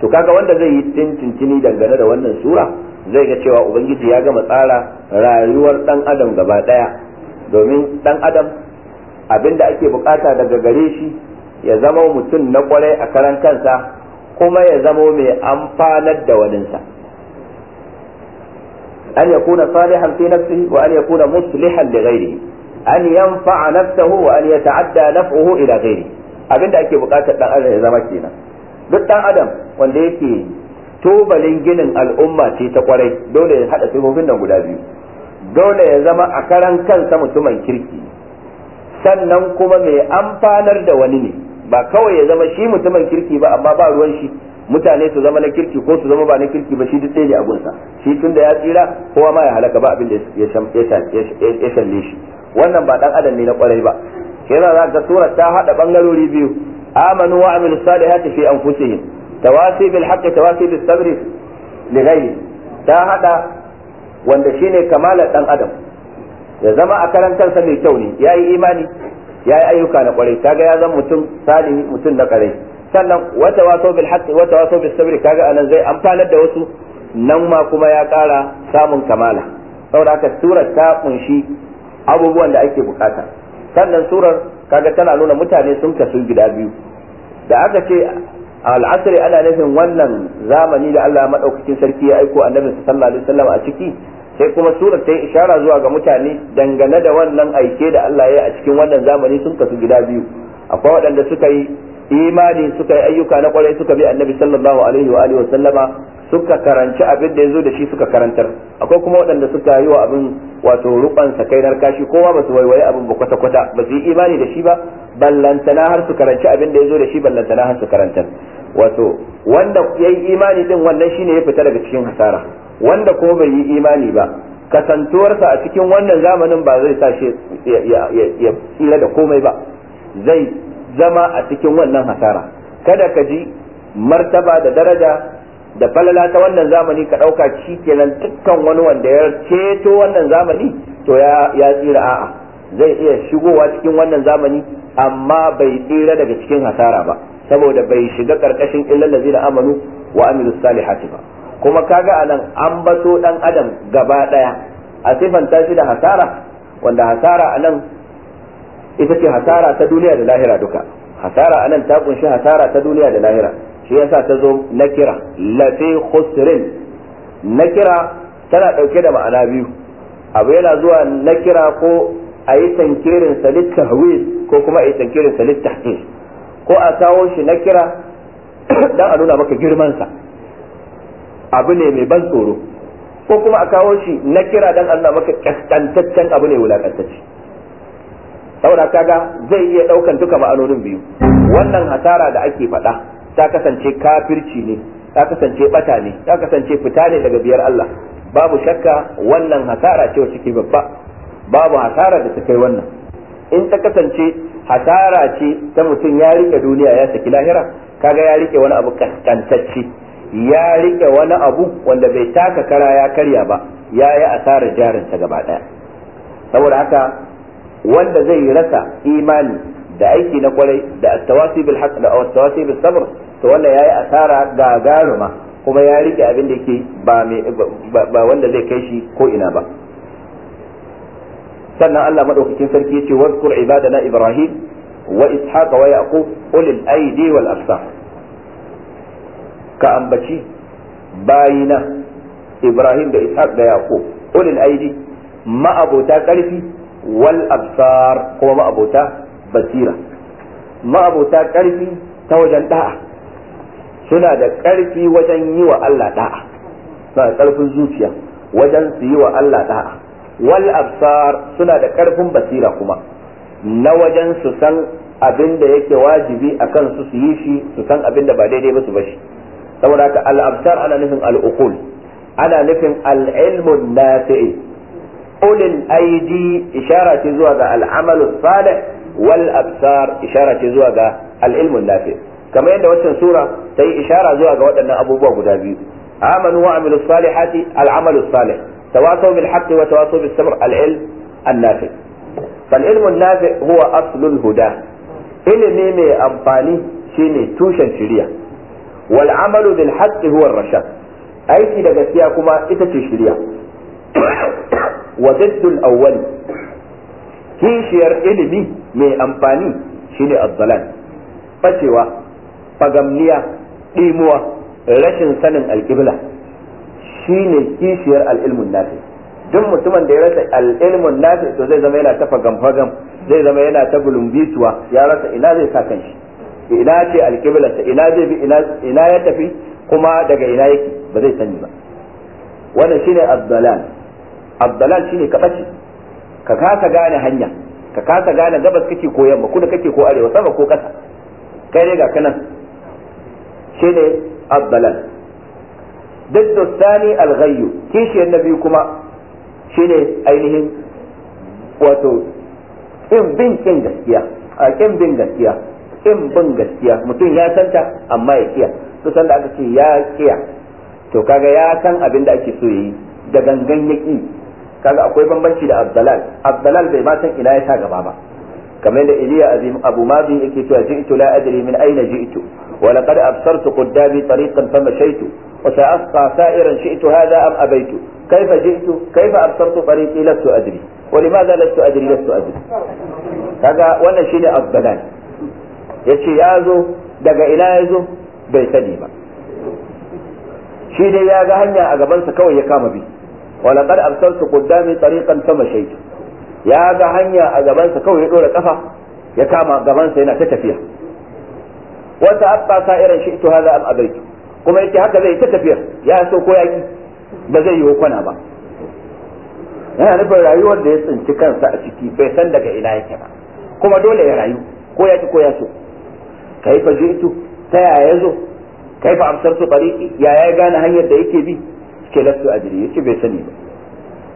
to kaga wanda zai yi tintintini dangane da wannan sura zai ga cewa ubangiji ya gama tsara rayuwar dan adam gaba daya domin dan adam abinda ake bukata daga gare shi ya zama mutum na kwarai a karan kansa kuma ya zama mai amfanar da waninsa. an yakuna salihan fi nafsihi wa an kuna muslihan li ghairihi an yanfa'a nafsahu wa an yata'adda naf'uhu ila abinda ake bukatar dan adam ya zama kenan duk dan adam wanda yake tubalin ginin al'umma ce ta kwarai dole ya haɗa sifofin nan guda biyu dole ya zama a karan kansa mutumin kirki sannan kuma mai amfanar da wani ne ba kawai ya zama shi mutumin kirki ba amma ba ruwan shi mutane su zama na kirki ko su zama ba na kirki ba shi duk ɗaya ne sa shi tun da ya tsira kowa ma ya halaka ba abin da ya shalle shi wannan ba dan adam ne na kwarai ba yana za ka sura ta hada bangarori biyu amanu wa amilu salihati fi anfusihim tawasi bil haqqi tawasi bis sabri li ghayri ta hada wanda shine kamalar dan adam ya zama a karan kansa mai kyau ne yayi imani yayi ayyuka na kwarai kaga ya zama mutum salihi mutum na kwarai sannan wata waso bil haqqi wata waso bil sabri kaga anan zai amfanar da wasu nan ma kuma ya kara samun kamala saboda haka surar ta kunshi abubuwan da ake bukata sannan surar kaga tana nuna mutane sun kasu gida biyu da aka ce al'asri ana nufin wannan zamani da Allah madaukakin sarki ya aiko annabi sallallahu alaihi wasallam a ciki sai kuma surar ta yi ishara zuwa ga mutane dangane da wannan aike da Allah ya yi a cikin wannan zamani sun kasu gida biyu akwai waɗanda suka yi imani suka yi ayyuka na kwarai suka bi annabi sallallahu alaihi wa alihi sallama suka karanci abin da yazo da shi suka karantar akwai kuma waɗanda suka yi wa abin wato ruban kainar kashi kowa ba su waiwaye abin ba kwata kwata ba su yi imani da shi ba ballantana har su karanci abin da yazo da shi ballantana har su karantar wato wanda yayi imani din wannan shine ya fita daga cikin hasara wanda ko bai yi imani ba kasantuwarsa a cikin wannan zamanin ba zai sa shi ya tsira da komai ba zai zama a cikin wannan hasara kada ka ji martaba da daraja da falala ta wannan zamani ka ɗauka shi kenan dukkan wani wanda ya ceto wannan zamani to ya tsira a'a zai iya shigowa cikin wannan zamani amma bai tsira daga cikin hasara ba saboda bai shiga karkashin illal ladina amanu wa amilus salihati ba kuma kaga anan an baso dan adam gaba daya a sifanta shi da hasara wanda hasara anan ita ce hasara ta duniya da lahira duka hasara anan ta kunshi hasara ta duniya da lahira shi yasa ta zo nakira lafi khusrin nakira tana dauke da ma'ana biyu abu yana zuwa nakira ko a yi tankirin sa ko kuma a yi tankirin sa ko a kawo shi kira don a nuna maka girmansa abu ne mai ban tsoro ko kuma a kawo shi nakira dan a nuna maka kaskantaccen abu ne wulakantacce saboda kaga zai iya daukan duka ma'anonin biyu wannan hasara da ake faɗa ta kasance kafirci ne ta kasance bata ne ta kasance fita ne daga biyar Allah babu shakka wannan hasara ce wacce ke babba babu hasara da ta kai wannan in ta kasance hasara ce ta mutum ya rike duniya ya saki lahira kaga ya rike wani abu kaskantacce ya rike wani abu wanda bai taka kara ya karya ba ya yi asarar jarinsa gaba ɗaya saboda haka wanda zai rasa imani da aiki na kwarai da tawasi bil haqq da tawasi bil sabr to wannan yayi asara garuma kuma ya rike abin da yake ba ba wanda zai kai shi ko ina ba sannan Allah madaukakin sarki yace wazkur ibadana ibrahim wa ishaqa wa yaqub ulil aidi wal absar ka ambaci bayina ibrahim da ishaq da yaqub ulil aidi abota karfi wal absar kuma ma'abota basira ma'abota ƙarfi ta wajen da'a suna da ƙarfi wajen yi wa Allah da'a suna da ƙarfin zuciya wajen su yi wa Allah da'a wal absar suna da ƙarfin basira kuma na wajen su san abin da yake wajibi a kansu su yi shi su san abin da ba daidai ba su bashi saboda haka al absar ana nufin al uqul ana nufin al ilmun nafi'i ulil aidi ishara ce zuwa ga al'amalu salih wal absar ishara zuwa ga al'ilmun nafi kamar yadda waccan sura ta yi ishara zuwa ga waɗannan abubuwa guda biyu amanu wa amilu salihati al'amalu salih tawasau bil haqqi wa tawasau bis sabr al ilm an nafi ilmun nafi huwa aslul huda ilimi mai amfani shine tushen shirya wal amalu bil haqqi huwa rashad aiki da gaskiya kuma ita ce shiriya wa ziddul awwal kishiyar ilimi mai amfani shine azzalal bacewa fagamniya dimuwa rashin sanin alƙibla shine kishiyar al'ilmun nafi duk mutumin da ya rasa al'ilmun nafi to zai zama yana ta fagam zai zama yana ta bulumbisuwa ya rasa ina zai sa shi ina ce ta ina zai bi ina ya tafi kuma daga ina yake ba zai sani ba wannan shine azzalal abdalal shine ka bace ka kasa gane hanya ka kasa gane gabas kake ko yamma kudu kake ko arewa sama ko kasa kai ne ga kanan shine abdalal ضد الثاني الغي كيشي النبي kuma shine ainihin wato in bin kin gaskiya a kin bin gaskiya in bin gaskiya mutum ya santa amma ya kiya to sanda aka ce ya kiya to kaga ya san abin da ake so yi da gangan ya kaga akwai bambanci da abdalal abdalal bai ma san ina ya sa gaba ba kamar da iliya azim abu mazi yake cewa ji'tu la adri min aina ji'tu wa laqad absartu qaddami tariqan famashaytu wa sa'asqa sa'iran shi'tu hadha am abaytu kayfa ji'tu kayfa absartu tariqi lastu adri wa limadha lastu adri lastu adri kaga wannan shine abdalal yace ya zo daga ina ya zo bai sani ba shi dai ya ga hanya a gabansa kawai ya kama bi wa su absartu qaddami tariqan fa mashaytu ya ga hanya a gabansa kawai ya dora kafa ya kama gabansa yana ta tafiya wa ta'atta sa'iran shi'tu hadha am abaitu kuma yake haka zai ta tafiya ya so ko yaki ba zai yi hukuna ba yana nufin rayuwar da ya tsinci kansa a ciki bai san daga ina yake ba kuma dole ya rayu ko ya ci ko ya so kaifa jitu ta yaya ya zo kaifa amsartu tariqi ya ya gane hanyar da yake bi ce lastu adri yace bai sani ba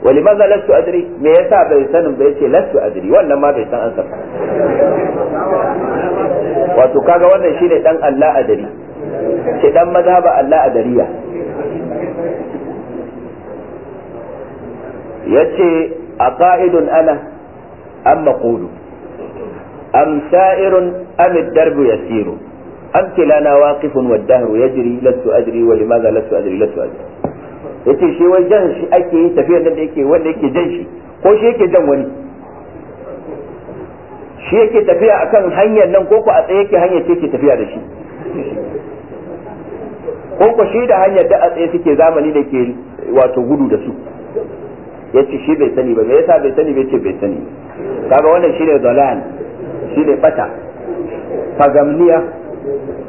wali maza lastu adri me yasa bai sanin ba yace lastu adri wannan ma bai san ansa wato kaga wannan shine dan Allah adari ce dan mazhaba Allah adariya yace aqaidun ana am maqulu am sa'irun am ad-darbu yasiru am kilana waqifun wad-dahru yajri lastu adri wa limadha lastu adri lastu adri yace shi wani jan shi ake yi tafiya da yake wanda yake jan shi ko shi yake jan wani shi yake tafiya akan hanyar nan ko ko a tsaye yake hanyar ce ke tafiya da shi ko ko shi da hanyar da a tsaye suke zamani da ke wato gudu da su yace shi bai sani ba me yasa bai sani bai ce bai sani kaga wannan shine dalal shine bata fagamniya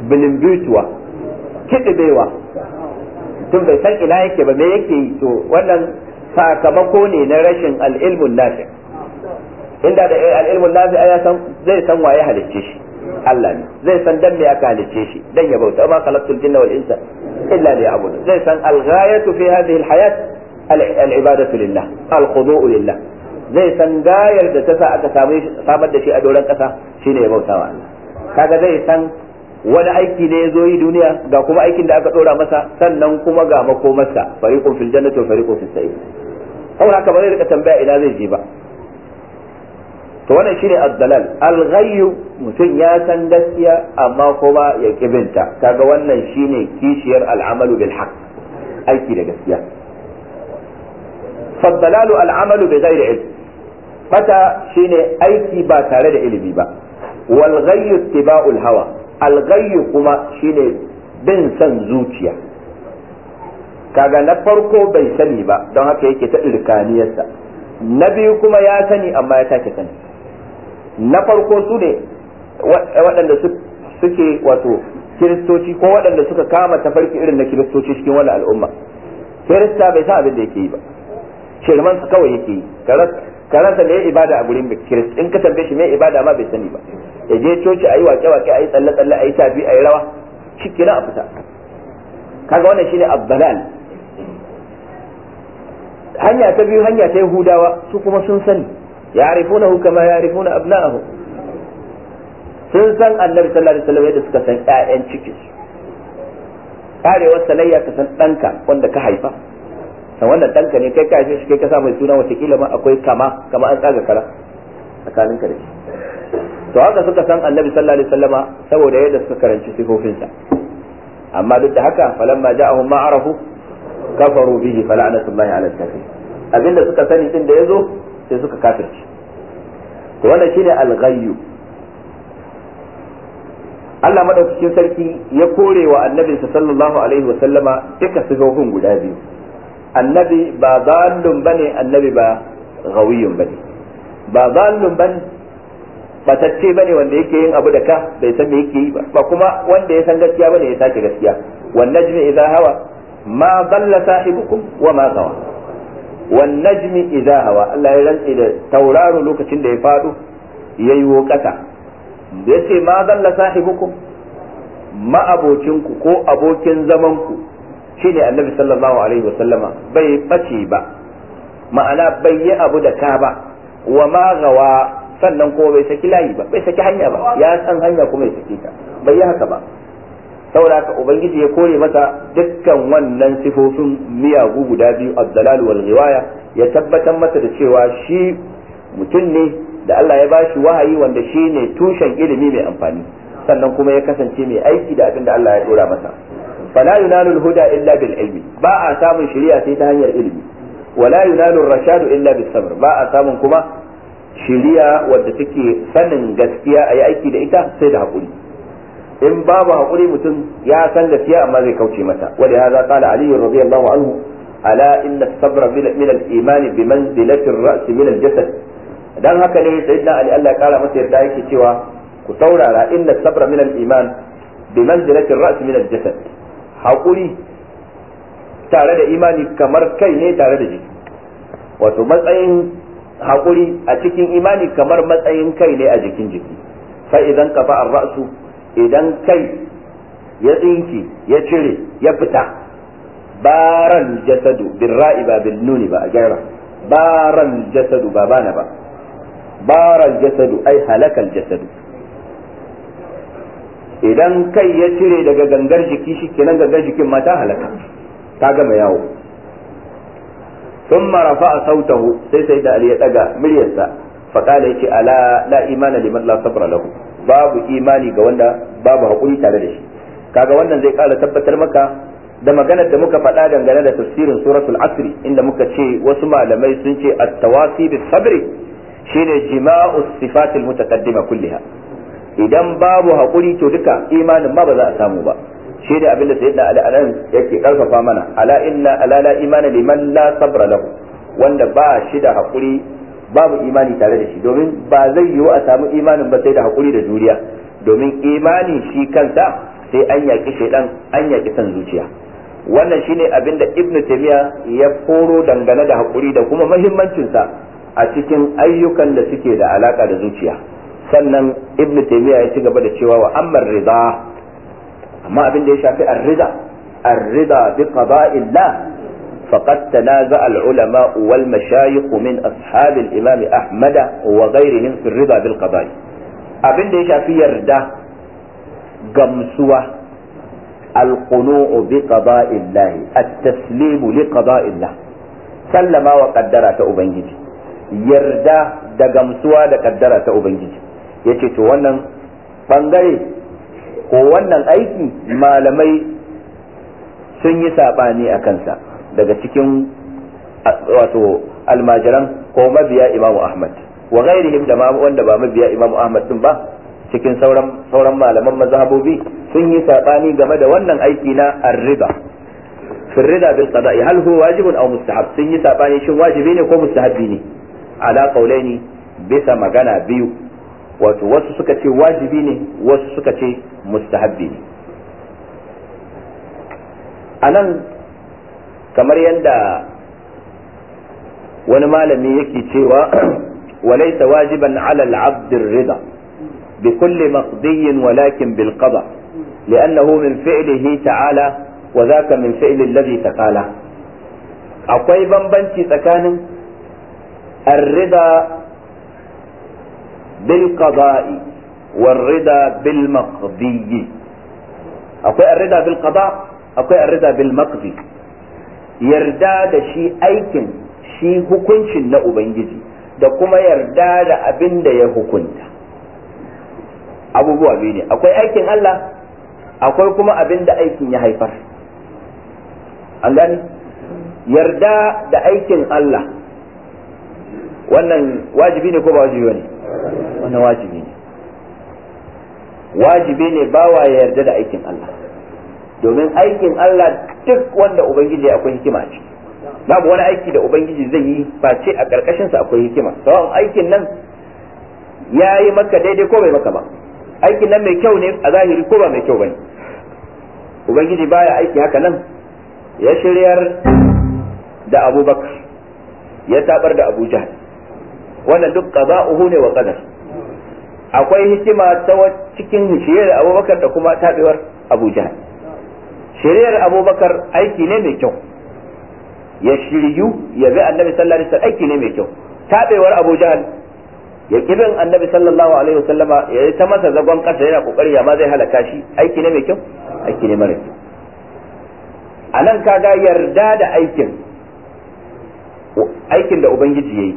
bilimbituwa kidibewa mutum bai san ina yake ba me yake yi to wannan sakamako ne na rashin al'ilmun nafi inda da al'ilmun nafi ya san zai san waye halicce shi Allah ne zai san dan me aka halicce shi dan ya bauta ma khalaqtul jinna wal insa illa liya'budun zai san al-ghayatu fi hadhihi al-hayat al-ibadatu lillah al-khudu'u lillah zai san gayar da ta sa aka samu samar da shi a doron kasa shine ya bautawa wa Allah kaga zai san wani aiki ne ya zo yi duniya ga kuma aikin da aka ɗora masa sannan kuma ga makomarsa fariqun fil jannati wa fariqun fis sa'ir saboda haka ba zai rika tambaya ina zai je ba to wannan shine ad-dalal al mutum ya san gaskiya amma kuma ya kibinta kaga wannan shine kishiyar al-amalu bil haqq aiki da gaskiya فالضلال العمل بغير علم فتى شيني أيكي با تارد علمي با والغي اتباع الهوى algayyu kuma shine bin son zuciya kaga na farko bai sani ba don haka yake ta irkaniyarsa na biyu kuma ya sani amma ya take sani na farko su ne waɗanda suke wato kiristoci ko waɗanda suka kama tafarki irin na kiristoci cikin wani al'umma kirista bai san abin da yake yi ba shirman su kawai yake yi karansa mai ibada a gurin kirist in ka tambaye shi mai ibada ma bai sani ba ya je coci a yi wake-wake a yi tsalle-tsalle a yi tafi a yi rawa ciki na a fita kaga wannan shine abbalal hanya ta biyu hanya ta yahudawa su kuma sun sani ya'rifunahu kama ya'rifuna abna'ahu sun san annabi sallallahu alaihi wasallam yadda suka san ƴaƴan cikin su karewar salayya ka san ɗanka wanda ka haifa san wannan ɗanka ne kai ka haife shi kai ka sa mai suna wata kila ma akwai kama kama an tsaga kara tsakaninka da shi to haka suka san annabi sallallahu alaihi wasallama saboda yadda suka karanci sifofinsa amma duk da haka falamma ja'ahum ma arafu kafaru bihi fala'natullahi ala kafir abinda suka sani din da yazo sai suka kafirci to wannan shine al-ghayyu Allah madaukakin sarki ya kore wa annabinsa sallallahu alaihi wasallama duka sifofin guda biyu annabi ba zallun bane annabi ba ghawiyun bane ba zallun bane batacce bane wanda yake yin abu da ka bai san me yake yi ba ba kuma wanda ya san gaskiya bane ya sake gaskiya wan najmi idza hawa ma dalla sahibukum wa ma gawa wan najmi idza hawa Allah ya rantsi da tauraro lokacin da ya fado yayi wokata yace ma dalla sahibukum ma abokinku ko abokin zaman ku shine annabi sallallahu alaihi wasallama bai bace ba ma'ana bai yi abu da ka ba wa ma gawa sannan ko bai saki layi ba bai saki hanya ba ya san hanya kuma ya saki ta bai yi haka ba saboda haka ubangiji ya kore masa dukkan wannan sifofin miyagu guda biyu abdalal wal riwaya ya tabbatar masa da cewa shi mutum ne da Allah ya bashi wahayi wanda shi ne tushen ilimi mai amfani sannan kuma ya kasance mai aiki da abin da Allah ya dora masa fala yunalu huda illa bil ilmi ba a samun shari'a sai ta hanyar ilimi wala yunalu rashadu illa bis sabr ba a samun kuma shiriya wadda take sanin gaskiya a yi aiki da ita sai da haƙuri in babu haƙuri mutum ya san gaskiya amma zai kauce mata wadda ya za da aliyu radiyallahu anhu ala inna sabra min al-imani bi manzilati ar-ra's min al-jasad dan haka ne sayyidina ali Allah ya kara masa yarda yake cewa ku saurara inna sabra min al-iman bi manzilati ar-ra's min al-jasad haƙuri tare da imani kamar kai ne tare da jiki wato matsayin hakuri a cikin imani kamar matsayin kai ne a jikin jiki fa idan ka fa'ar ra'su idan kai ya tsinki ya cire ya fita baran jasadu bin ra'i ba bin nuni ba a gyara baran jasadu ba bana ba baran jasadu ai halakal jasadu idan kai ya cire daga gangar jiki shi kenan gangar jikin ma ta halaka ta gama yawo ثم رفع sautahu sai sai da ali ya daga muryarsa faɗa da yace ala la imana liman la babu imani ga wanda babu hakuri tare da shi kaga wannan zai kara tabbatar maka da maganar da muka faɗa dangane da tafsirin suratul asr inda muka ce wasu malamai sun ce at-tawasi bis sabri shine jima'u sifatil mutaqaddima kulliha idan babu hakuri to duka imanin ma ba za a samu ba shi da abin da yake karfafa mana ala inna ala la imana liman la sabra lahu wanda ba shi da hakuri babu imani tare da shi domin ba zai yiwu a samu imanin ba sai da hakuri da juriya domin imanin shi kansa sai an yaki shaidan an yaki san zuciya wannan shine abin da ibnu taymiya ya koro dangane da hakuri da kuma mahimmancinsa a cikin ayyukan da suke da alaka da zuciya sannan ibnu taymiya ya ci gaba da cewa wa ammar rida amma abin da ya shafi ar-rida ar-rida bi qada'illah faqad tanaza al-ulama wal mashayikh min ashab al-imam ahmad wa ghayrihim fi bil qada'i abin da ya shafi yarda gamsuwa القنوع بقضاء الله التسليم sallama wa سلم وقدر ubangiji. yarda da gamsuwa da kaddara ta ubangiji yace to wannan bangare ko wannan aiki malamai sun yi saɓani a kansa daga cikin wato almajiran ko mabiya imamu ahmad wa ghairihim da wanda ba mabiya imamu ahmad din ba cikin sauran sauran malaman mazhabobi sun yi saɓani game da wannan aiki na arriba bil qada'i hal huwa wajibun aw mustahab sun yi saɓani shin wajibi ne ko mustahabi ne ala qawlaini bisa magana biyu wato wasu suka ce wajibi ne wasu suka ce mustahabbi ne a nan kamar yadda wani malami yake cewa walaisa wajiban ala al'abdir rida bi kulli maqdiyin walakin bil qada li'annahu min fi'lihi ta'ala wa zaka min fi'li alladhi taqala akwai bambanci tsakanin arrida بالقضاء والرضا بالمقضي akwai الرضا بالقضاء akwai الرضا بالمقضي yarda da shi aikin shi hukuncin na ubangiji da kuma yarda da abin da ya hukunta abubuwa biyu ne akwai aikin Allah akwai kuma abin da aikin ya haifar an gani yarda da aikin Allah wannan wajibi ne ko ba wajibi ne wannan wajibi ne wajibi ne ba wa yarda da aikin Allah domin aikin Allah duk wanda ubangiji akwai hikima ce babu wani aiki da ubangiji zai yi ba ce a karkashin sa akwai hikima sawan aikin nan ya yi maka daidai ko bai maka ba aikin nan mai kyau ne a zahiri ko ba mai kyau bane ubangiji baya aiki haka nan ya shiryar da abubakar ya tabar da abu wannan duk qada'uhu ne wa qadar akwai hikima ta cikin shiriyar abubakar da kuma taɓewar abu jahal shiriyar abubakar aiki ne mai kyau ya shiryu ya bi annabi sallallahu alaihi wasallam aiki ne mai kyau taɓewar abu jahal ya kibin annabi sallallahu alaihi wasallam ya yi ta masa zagon ƙasa yana kokari ya ma zai halaka shi aiki ne mai kyau aiki ne mara kyau a nan kaga yarda da aikin aikin da ubangiji ya yi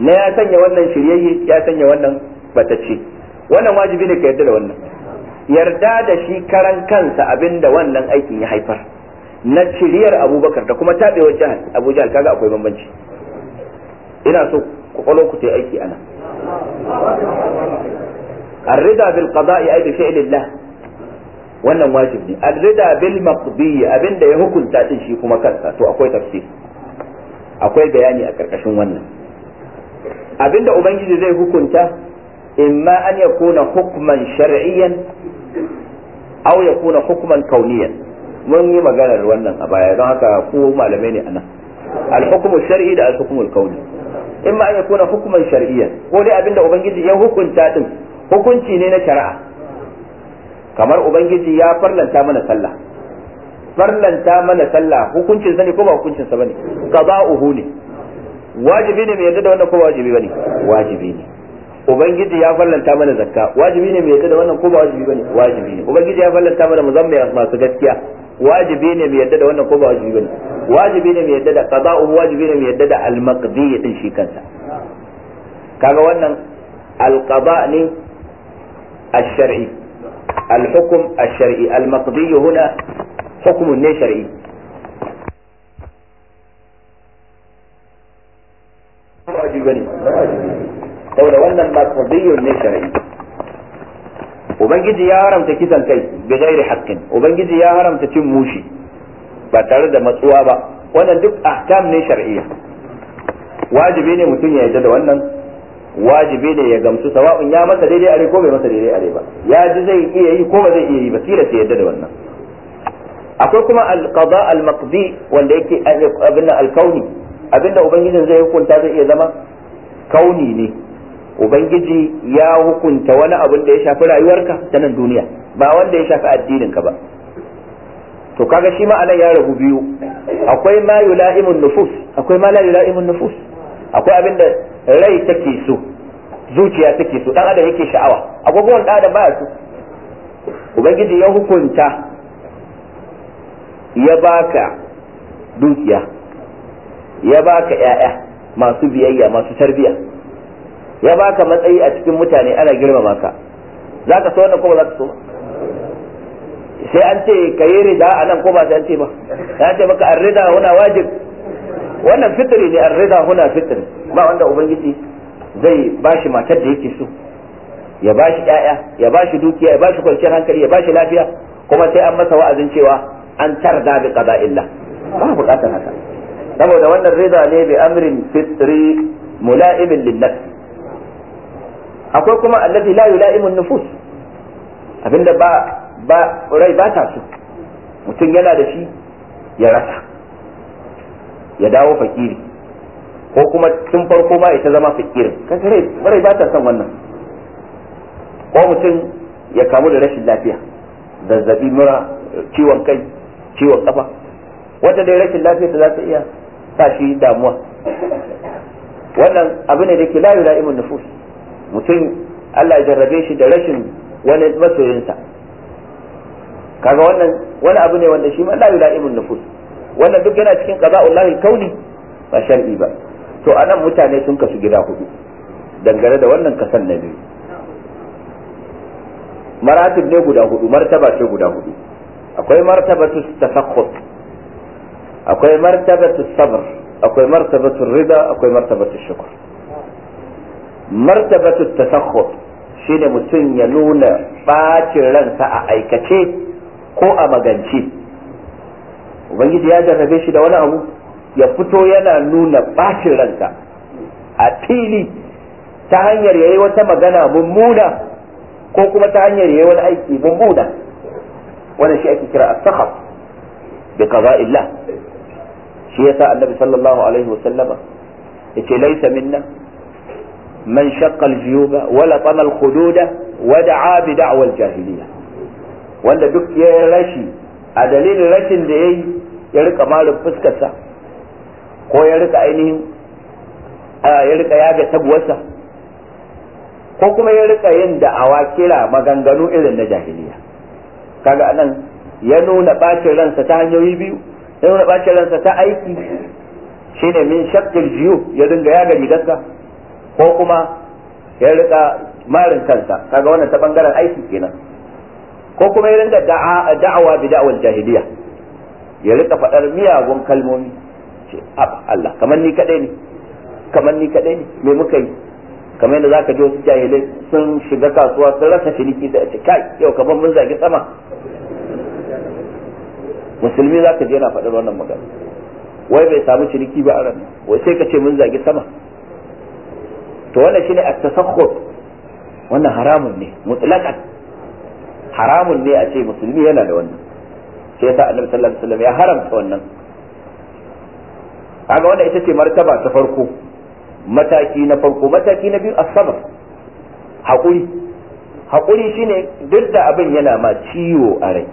na ya sanya wannan shiryayye ya sanya wannan batacce wannan wajibi ne ka yarda da wannan yarda da shi karan kansa abinda wannan aikin ya haifar na ciriyar abubakar da kuma tabewar jihar abu jihar kaga akwai bambanci ina so kwakwalwar ku ta yi aiki ana bil qada'i ay bi fi'lillah wannan wajibi ne arrida bil maqdi abinda ya hukunta din shi kuma kansa to akwai tafsir akwai bayani a karkashin wannan abinda ubangiji zai hukunta imma an yakuna hukman shar'iyyan aw yakuna hukman kauniyan mun yi maganar wannan a baya don haka ku malamai ne anan al-hukmu shar'i da al-hukmu al-kauni imma an yakuna hukman shar'iyyan ko dai abinda ubangiji ya hukunta din hukunci ne na shari'a kamar ubangiji ya farlanta mana sallah farlanta mana sallah hukuncin sa ne ko ba hukuncin sa bane qada'uhu ne wajibi ne mai yadda da wannan ko ba wajibi bane wajibi ne ubangiji ya fallanta mana zakka wajibi ne mai yadda da wannan ko ba wajibi bane wajibi ne ubangiji ya fallanta mana ya masu gaskiya wajibi ne mai yadda da wannan ko ba wajibi bane wajibi ne mai yadda da qada'u wajibi ne mai yadda da al-maqdi din shi kansa kaga wannan al-qada' ne al-shar'i al-hukm al-shar'i al-maqdi huna hukmun ne shar'i wajibi bane saboda wannan ba qadiyyun ne shar'i ubangiji ya haramta kisan kai bi ghairi haqqin ubangiji ya haramta cin mushi ba tare da matsuwa ba wannan duk ahkam ne shar'iyya wajibi ne mutum ya yarda da wannan wajibi ne ya gamsu sawa'un ya masa daidai are ko bai masa daidai are ba ya ji zai iya yi ko ba zai iya yi ba kila ta yarda da wannan akwai kuma al almaqdi wanda yake eh, abin al-kauni abinda ubangijin zai hukunta zai iya zama kauni ne ubangiji ya hukunta wani abin da ya shafi rayuwarka ta nan duniya ba wanda ya shafi addininka ba to kaga shi ma anan ya rabu biyu akwai ma yula'imun nufus akwai ma la yula'imun nufus akwai abin da rai take so zuciya take so dan adam yake sha'awa Agogon da adam baya so ubangiji ya hukunta ya baka dukiya ya baka ‘ya'ya masu biyayya masu tarbiya ya baka matsayi a cikin mutane ana girmama ka za ka so wannan ko za ka so sai an ce ka yi rida a nan ko ba sai an ce ba ya ce maka an huna wajib wannan fitri ne an rida huna fitri ba wanda ubangiji zai bashi matar da yake so ya bashi ‘ya'ya ya bashi dukiya ya bashi kwanciyar hankali ya bashi lafiya kuma sai an masa wa'azin cewa an tarda bi qada'illah ba bukatar haka saboda wannan rida ne bi amrin fitri mula'ibin linnafs akwai kuma allazi la yula'imun nufus abinda ba ba rai ba ta so mutum yana da shi ya rasa ya dawo fakiri ko kuma tun farko ma ita zama fakirin kaga rai ba ta son wannan ko mutum ya kamu da rashin lafiya zazzabi mura ciwon kai ciwon kafa wata dai rashin lafiyarsa za ta iya sa shi damuwa wannan abu ne da ke la yula'imun nufus mutum Allah ya jarrabe shi da rashin wani masoyinsa kaga wannan wani abu ne wanda shi ma la yula'imun nufus wannan duk yana cikin qaza'ullahi kauni ba shar'i ba to anan mutane sun kasu gida hudu dangane da wannan kasan na biyu maratib ne guda hudu martaba ce guda hudu akwai martabatu tafakkur akwai martabatu sabr akwai martabatu rida akwai martabatu shukr martabatu tasakhur shine mutum ya nuna bacin ransa a aikace ko a magance ubangiji ya jarrabe shi da wani abu ya fito yana nuna bacin ransa a fili ta hanyar yayi wata magana mummuna ko kuma ta hanyar yayi wani aiki mummuna wannan shi ake kira as-sakhab bi qada'illah shi yasa annabi sallallahu alaihi wasallama yace laysa minna man shaqqa al-juyuba wa latama al-khududa wa da'a bi da'wa al-jahiliya wanda duk ya rashi a dalilin rashin da yayi ya rika malin fuskarsa ko ya rika ainihin ya rika yaga taguwarsa ko kuma ya rika yin da'awa kira maganganu irin na jahiliya kaga anan ya nuna bacin ransa ta hanyoyi biyu sai wani bacin ransa ta aiki shine min shakkil jiyu ya dinga yaga rigarsa ko kuma ya rika marin kansa kaga wannan ta bangaren aiki kenan ko kuma ya rinka da'awa bi da'awar jahiliya ya rika faɗar miyagun kalmomi ce Allah kamar ni kaɗai ne kamar ni kaɗai ne me muka yi kamar yadda zaka ji wasu jahilai sun shiga kasuwa sun rasa ciniki sai a ce kai yau kamar mun zagi sama musulmi za ka je na faɗar wannan magana wai bai samu ciniki ba a ran wai sai ka ce mun zagi sama to wannan shine a tasakhkhur wannan haramun ne mutlaqan haramun ne a ce musulmi yana da wannan sai ta annabi sallallahu alaihi wasallam ya haramta wannan kaga wannan ita ce martaba ta farko mataki na farko mataki na biyu as-sabr haƙuri haƙuri shine duk da abin yana ma ciwo a rai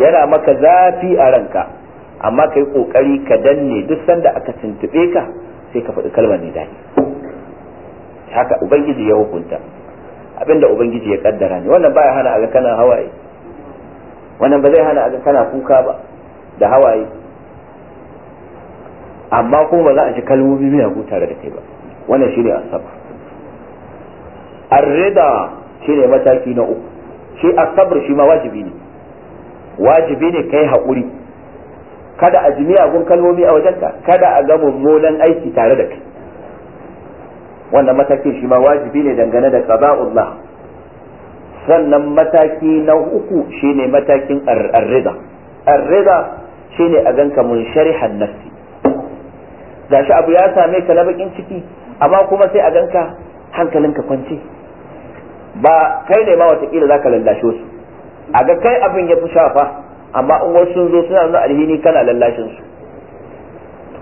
yana maka zafi a ranka amma ka yi kokari ka danne duk sanda aka tuntube ka sai ka faɗi kalmar ne dai haka ubangiji ya hukunta abinda ubangiji ya kaddara ne wannan baya hana aga kana hawaye wannan ba zai hana aga kana kuka ba da hawaye amma kuma ba za a ji kalmomi miyagu tare da kai ba wannan shine asabar arrida shine mataki na uku shi asabar shi ma wajibi ne wajibi ne kai haƙuri kada a jimi miyagun kalmomi a wajenka kada a ga mummunan aiki tare da kai wannan matakin shi ma wajibi ne dangane da qada'ullah sannan mataki na uku shine matakin ar-rida shine a ganka sharihan nafsi shi abu ya same ka na bakin ciki amma kuma sai a ganka hankalinka kwance ba kai ne ma watakila zaka lallashe su a ga kai abin ya fi shafa amma in wasu sun zo suna nuna alhini kana lallashin su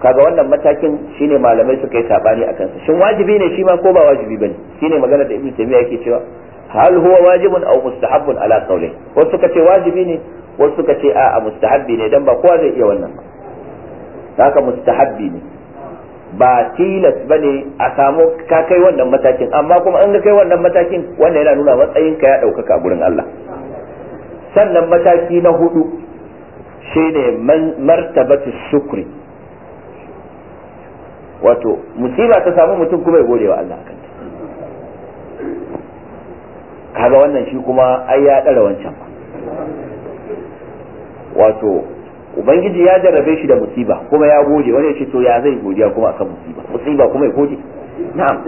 kaga wannan matakin shine malamai suka yi sabani a kansa shin wajibi ne shi ma ko ba wajibi bane shine magana da ibnu taymiya yake cewa hal huwa wajibun aw mustahabbun ala qawli wasu suka ce wajibi ne wasu suka ce a'a mustahabbi ne dan ba kowa zai iya wannan ba haka mustahabbi ne ba tilas bane a samu ka kai wannan matakin amma kuma an ga kai wannan matakin wannan yana nuna matsayinka ya ɗaukaka gurin Allah sannan mataki na hudu shine martabatu shukri wato musiba ta samu mutum kuma ya gode wa Allah akan kaga wannan shi kuma ai ya dara wancan wato ubangiji ya jarrabe shi da musiba kuma ya gode wani ya ce to ya zai godiya kuma akan musiba musiba kuma ya gode na'am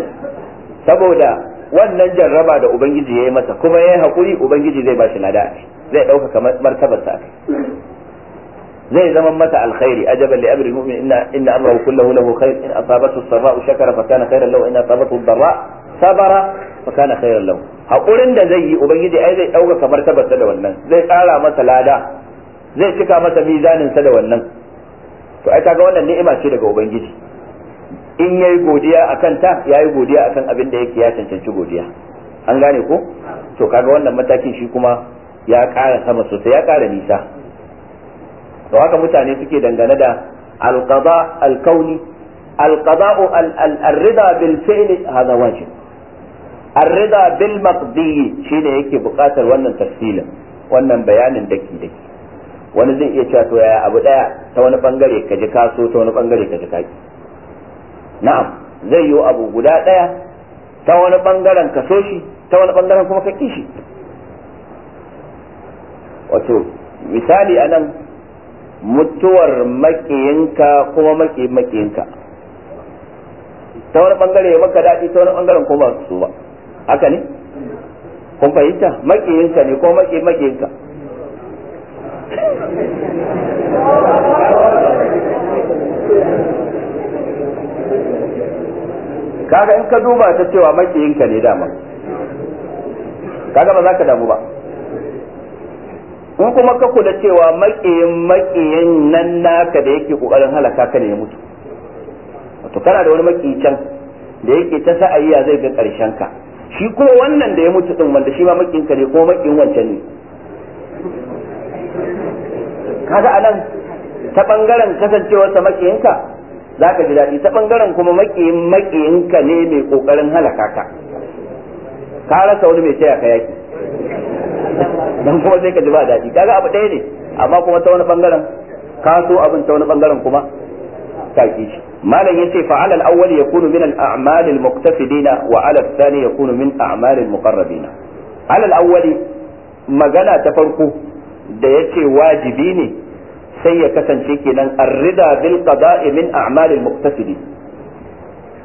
saboda wannan jarraba da ubangiji ya yi masa kuma ya yi haƙuri ubangiji zai ba shi lada zai ɗaukaka martabarsa a zai zama masa alkhairi ajaban li amri mu'min inna inna amrahu kullahu lahu khair in asabatu sarra'u shakara fa kana khairan lahu in asabatu dharra sabara fa kana khairan lahu Haƙurin da zai yi ubangiji ai zai dauka kamar tabbata da wannan zai tsara masa lada zai cika masa mizaninsa da wannan to ai kaga wannan ni'ima ce daga ubangiji in ya yi godiya akan ta yayi godiya akan abin da yake ya cancanci godiya an gane ko to kaga wannan matakin shi kuma ya ƙara sama sosai ya ƙara nisa to haka mutane suke dangane da alqada alkauni alqada al bil fi'l hada wajib الرضا shi shine yake buƙatar wannan tafsilin wannan bayanin daki daki wani zai iya cewa to yaya abu daya ta wani bangare ka ji kaso ta wani bangare ka ji kaki na'am zai yi abu guda ɗaya ta wani ɓangaren ka so shi ta wani ɓangaren kuma ka kishi wato misali a nan mutuwar maƙiyinka kuma maƙiyin maƙiyinka ta wani ɓangare ya maka daɗi ta wani ɓangaren kuma ba su ba haka ne kun fahimta maƙiyinka ne ko maƙiyin maƙiyinka kaga in ka duba ta cewa makiyinka ne dama kaga ba za ka damu ba in kuma ka kula cewa makiyin makiyin nan naka da yake kokarin halaka ka ne ya mutu wato kana da wani makiyi can da yake ta sa'ayya zai ga karshen ka shi kuma wannan da ya mutu din wanda shi ma makiyinka ne ko makiyin wancan ne kaga anan ta bangaren kasancewarsa makiyinka za ka ji daɗi ta ɓangaren kuma maƙiyin maƙiyinka ne mai ƙoƙarin halaka ka ka rasa wani mai taya ka yaƙi don kuma sai ka ji ba daɗi kaga abu ɗaya ne amma kuma ta wani ɓangaren ka so abin ta wani ɓangaren kuma ka ki shi malam yace fa alal awwal yakunu min al a'mal al muqtasidina wa ala thani yakunu min a'mal al muqarrabina alal awwal magana ta farko da yace wajibi ne sai ya kasance kenan arrida bil qada'i min al muqtasidi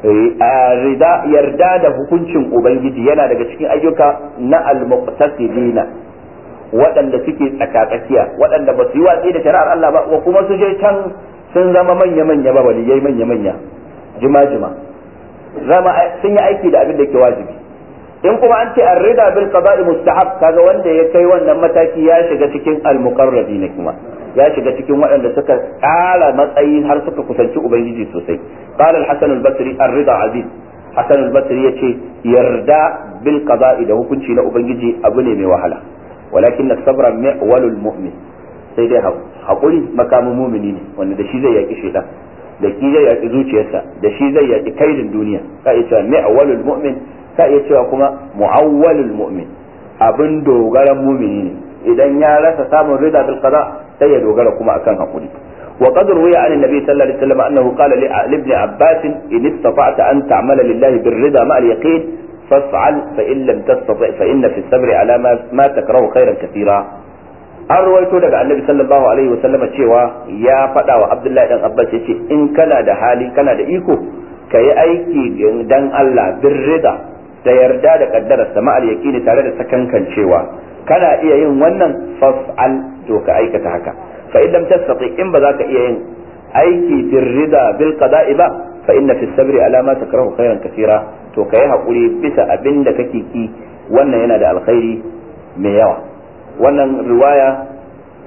eh, rida yarda da hukuncin ubangiji yana daga cikin ayyuka na al-muqtasidina waɗanda suke tsakatsakiya waɗanda ba su yi watsi da shari'ar Allah ba wa kuma su je can sun zama manya manya ba waliyai manya manya jima jima zama sun yi aiki da abin da ke wajibi in kuma an ce arrida bil qada'i mustahab kaga wanda ya kai wannan mataki ya shiga cikin al-muqarrabina kuma ya shiga cikin waɗanda suka ƙara matsayi har suka kusanci ubangiji sosai qala al-hasan al-basri ar-rida aziz hasan al-basri yace yarda bil qada'i da hukunci na ubangiji abu ne mai wahala walakin as-sabra mi'walul mu'min sai dai hakuri makamin mumini ne wanda da shi zai yaki shaitan da shi zai yaki zuciyarsa da shi zai yaki kaidin duniya ka iya cewa mi'walul mu'min ka iya cewa kuma mu'awwalul mu'min abin dogaran mumini ne idan ya rasa samun rida bil qada sai ya dogara kuma akan hakuri wa qad ruwiya an annabi sallallahu alaihi wasallam annahu qala li ibn abbas in istata'ta an ta'mala lillahi bir rida ma al yaqin fas'al fa in lam tastati' fa inna fi sabri ala ma takrahu khayran katira an ruwaito daga annabi sallallahu alaihi wasallama cewa ya faɗa wa abdullahi dan abbas yace in kana da hali kana da iko ka yi aiki dan allah bin rida da yarda da kaddara sama al yaqini tare da sakankan cewa kana iya yin wannan fas'al to ka aikata haka fa in lam tastati in ba za ka iya yin aiki birrida bil qada'i ba fa inna fi sabri ala ma takrahu khairan katira to kai hakuri bisa abin da kake ki wannan yana da alkhairi mai yawa wannan riwaya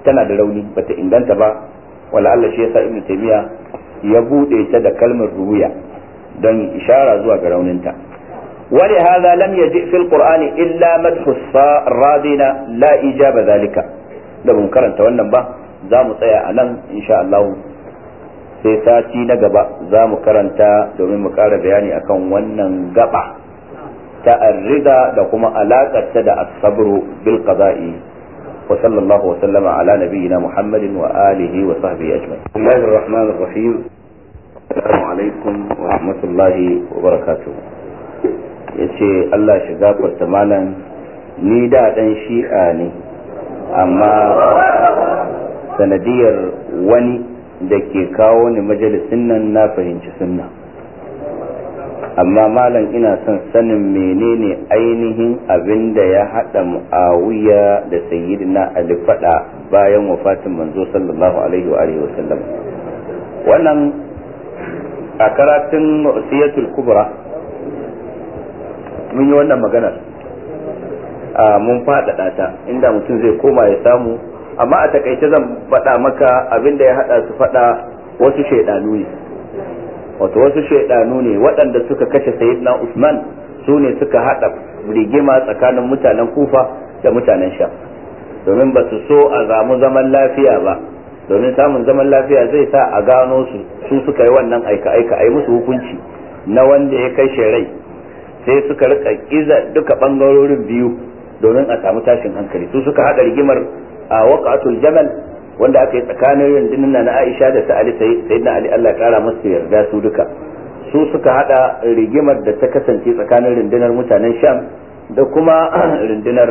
tana da rauni bata inganta ba wala Allah shi yasa ibnu taymiya ya bude ta da kalmar ruwiya don ishara zuwa ga rauninta ولهذا لم يجئ في القرآن إلا مدح الرادين لا إجاب ذلك لم كرنت wannan ba za mu tsaya a nan insha Allah sai sati na gaba za mu karanta domin mu ƙara bayani akan wannan gaba ta arrida da kuma alaƙarta da asabru bil qada'i wa sallallahu wa sallama ala nabiyyina muhammadin wa alihi wa sahbihi ajma'in bismillahir rahmanir rahim assalamu alaikum wa rahmatullahi wa barakatuh ya ce Allah shi gafarta malam ni da ɗan shi'a ne amma sanadiyar wani da ke kawo ni majalisin nan na fahimci sunna amma malam ina son sanin menene ainihin abin da ya haɗa mu'awiya da sayyidina ali faɗa bayan wafatin manzo sallallahu alaihi wa alihi wasallam wannan a karatun siyatul kubra mun yi wannan magana a mun faɗaɗa ta inda mutum zai koma ya samu amma a takaice zan faɗa maka abin da ya haɗa su faɗa wasu shaidanu ne wato wasu shaidanu ne waɗanda suka kashe sayyidina usman su ne suka haɗa rigima tsakanin mutanen kufa da mutanen sha domin ba su so a zamu zaman lafiya ba domin samun zaman lafiya zai sa a gano su su suka yi wannan aika aika a yi musu hukunci na wanda ya kai rai sai suka rika iza duka bangarorin biyu domin a samu tashin hankali su suka haɗa rigimar a waqatul jamal wanda aka yi tsakanin rundunar na Aisha da ta sai sayyidina Ali Allah kara masa yarda su duka su suka hada rigimar da ta kasance tsakanin rundunar mutanen Sham da kuma rundunar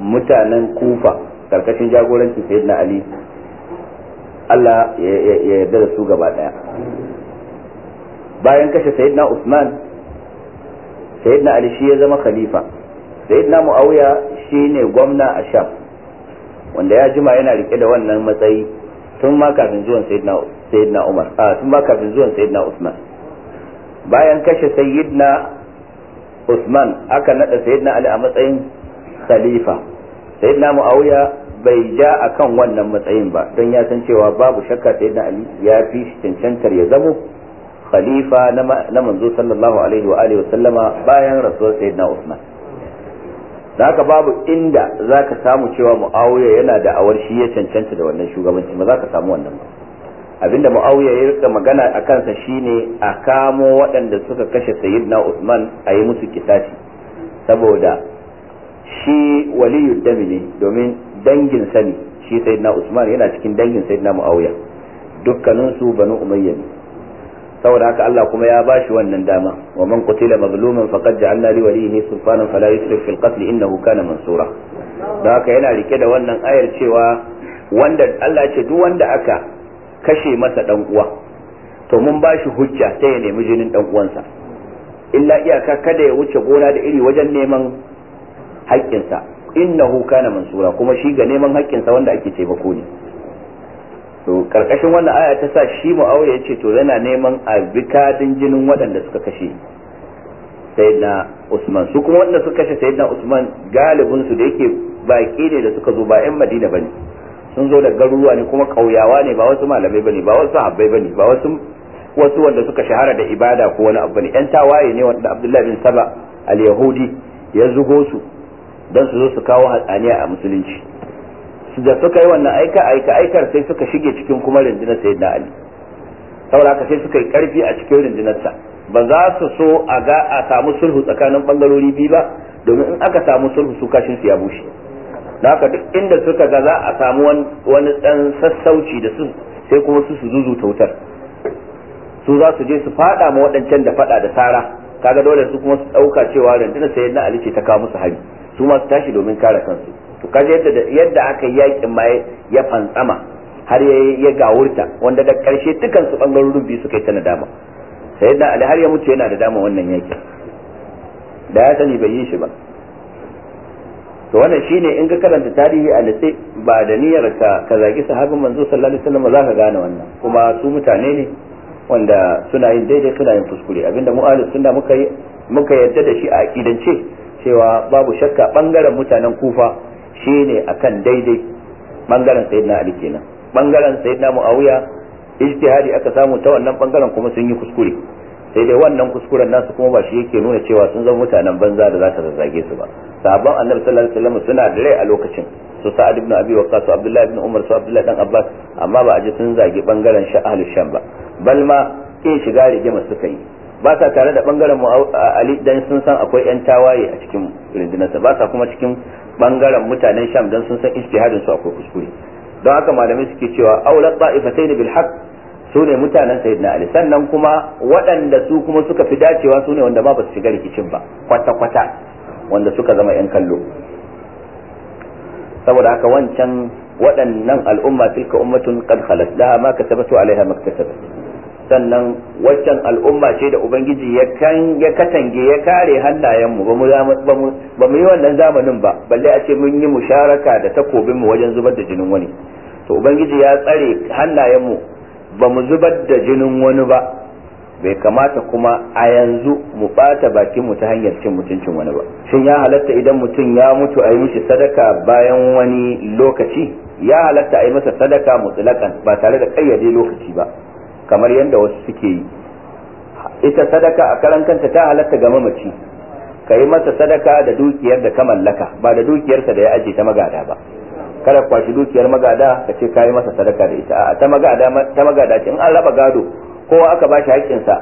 mutanen Kufa karkashin jagoranci sayyidina Ali Allah ya yarda da su gaba daya bayan kashe sayyidina Usman sayyidina ali shi ya zama khalifa sayyidina muawiya ne gwamna a sham wanda ya jima yana rike da wannan matsayi tun ma kafin zuwan sayyidina umar a tun ma kafin zuwan sayyidina usman bayan kashe sayyidina usman aka nada sayyidina ali a matsayin khalifa sayyidina muawiya bai ja akan wannan matsayin ba don ya san cewa babu shakka sayyidina ali ya fi cancantar ya zamo khalifa na manzo sallallahu alaihi wa alihi wasallama bayan rasuwar sayyidina Usman da haka babu inda za ka samu cewa mu'awiya yana da awar shi ya cancanta da wannan shugabanci ba za ka samu wannan ba abinda mu'awiya ya rika magana a kansa shine a kamo waɗanda suka kashe sayyidina Usman a yi musu kitaci saboda shi waliyu dami domin dangin sani shi sayyidina Usman yana cikin dangin sayyidina mu'awiya dukkaninsu banu umayya saboda haka Allah kuma ya bashi wannan dama wa man qutila mazluman faqad ja'alna li walihi sulfanan fala yusrif fil qatl innahu kana mansura da haka yana rike da wannan ayar cewa wanda Allah ce duk wanda aka kashe masa dan uwa to mun bashi hujja ta ya nemi jinin dan uwansa illa iyaka kada ya wuce gona da iri wajen neman haƙƙinsa innahu kana mansura kuma shi ga neman haƙƙinsa wanda ake taimako ne to karkashin wannan aya ta sa shi mu'awiya ya ce to yana neman a bi kadin jinin waɗanda suka kashe sayyidina usman su kuma waɗanda suka kashe sayyidina usman galibin su da yake baƙi ne da suka zo ba yan madina bane sun zo da garuruwa ne kuma ƙauyawa ne ba wasu malamai bane ba wasu habbai bane ba wasu wasu wanda suka shahara da ibada ko wani abu ne yan tawaye ne wanda abdullahi bin saba al-yahudi ya zugo su dan su zo su kawo hatsaniya a musulunci da suka yi wannan aika aika aikar sai suka shige cikin kuma rundunar da ali saboda haka sai suka yi karfi a cikin sa ba za su so a ga a samu sulhu tsakanin bangarori biyu ba domin in aka samu sulhu su kashin su ya bushe da haka duk inda suka ga za a samu wani dan sassauci da su sai kuma su su zuzu wutar su za su je su fada ma waɗancan da fada da sara kaga dole su kuma su ɗauka cewa rundunar da ali ce ta kawo musu hari su ma su tashi domin kare kansu to kaje yadda yadda aka yi yakin ma ya fantsama har ya gawurta wanda da karshe dukan su bangarorin biyu suka yi ta nadama sai da ali har ya mutu yana da dama wannan yakin da ya sani bai yi shi ba to wannan shine in ka karanta tarihi a lisai ba da niyyar ka ka zagi sahabin manzo sallallahu alaihi wasallam za ka gane wannan kuma su mutane ne wanda suna yin daidai suna yin kuskure abinda mu ahlus sunna muka muka yadda da shi a akidance cewa babu shakka bangaren mutanen kufa shine akan daidai bangaren sayyidina ali kenan bangaren sayyidina muawiya ijtihadi aka samu ta wannan bangaren kuma sun yi kuskure sai dai wannan kuskuren nasu kuma ba shi yake nuna cewa sun zama mutanen banza da za ka zazzage su ba sabon annabi sallallahu alaihi wasallam suna da rai a lokacin su sa'ad ibn abi waqqas su abdullahi ibn umar su abdullahi dan abbas amma ba a ji sun zage bangaren shi ahlus sham ba bal ma kin shiga rigima suka yi ba sa tare da bangaren mu ali dan sun san akwai yan tawaye a cikin rundunarsa ba sa kuma cikin bangaren mutanen sham dan sun san ijtihadin su akwai kuskure don haka malamai suke cewa aula ta'ifatain bil haqq su ne mutanen sayyidina ali sannan kuma waɗanda su kuma suka fi dacewa su ne wanda ba su shiga rikicin ba kwata kwata wanda suka zama yan kallo saboda haka wancan waɗannan al'umma tilka ummatun qad khalat laha ma kasabatu alaiha maktasabat sannan waccan al'umma ce da ubangiji ya katange ya kare hannayenmu ba mu yi wannan zamanin ba balle a ce mun yi musharaka da takobinmu wajen zubar da jinin wani to ubangiji ya tsare hannayenmu ba mu zubar da jinin wani ba bai kamata kuma a yanzu mu bata bakinmu ta hanyar cin mutuncin wani ba shin ya halatta idan mutum ya mutu a yi mishi sadaka bayan wani lokaci ya halatta a yi masa sadaka mutsulakan ba tare da kayyade lokaci ba kamar yadda wasu suke yi ita sadaka a karan kanta ta halatta ga mamaci ka yi masa sadaka da dukiyar da ka mallaka ba da dukiyarsa da ya aje ta magada ba kada kwashi dukiyar magada ka ce ka yi masa sadaka da ita ta magada ta magada in an raba gado kowa aka bashi haƙƙinsa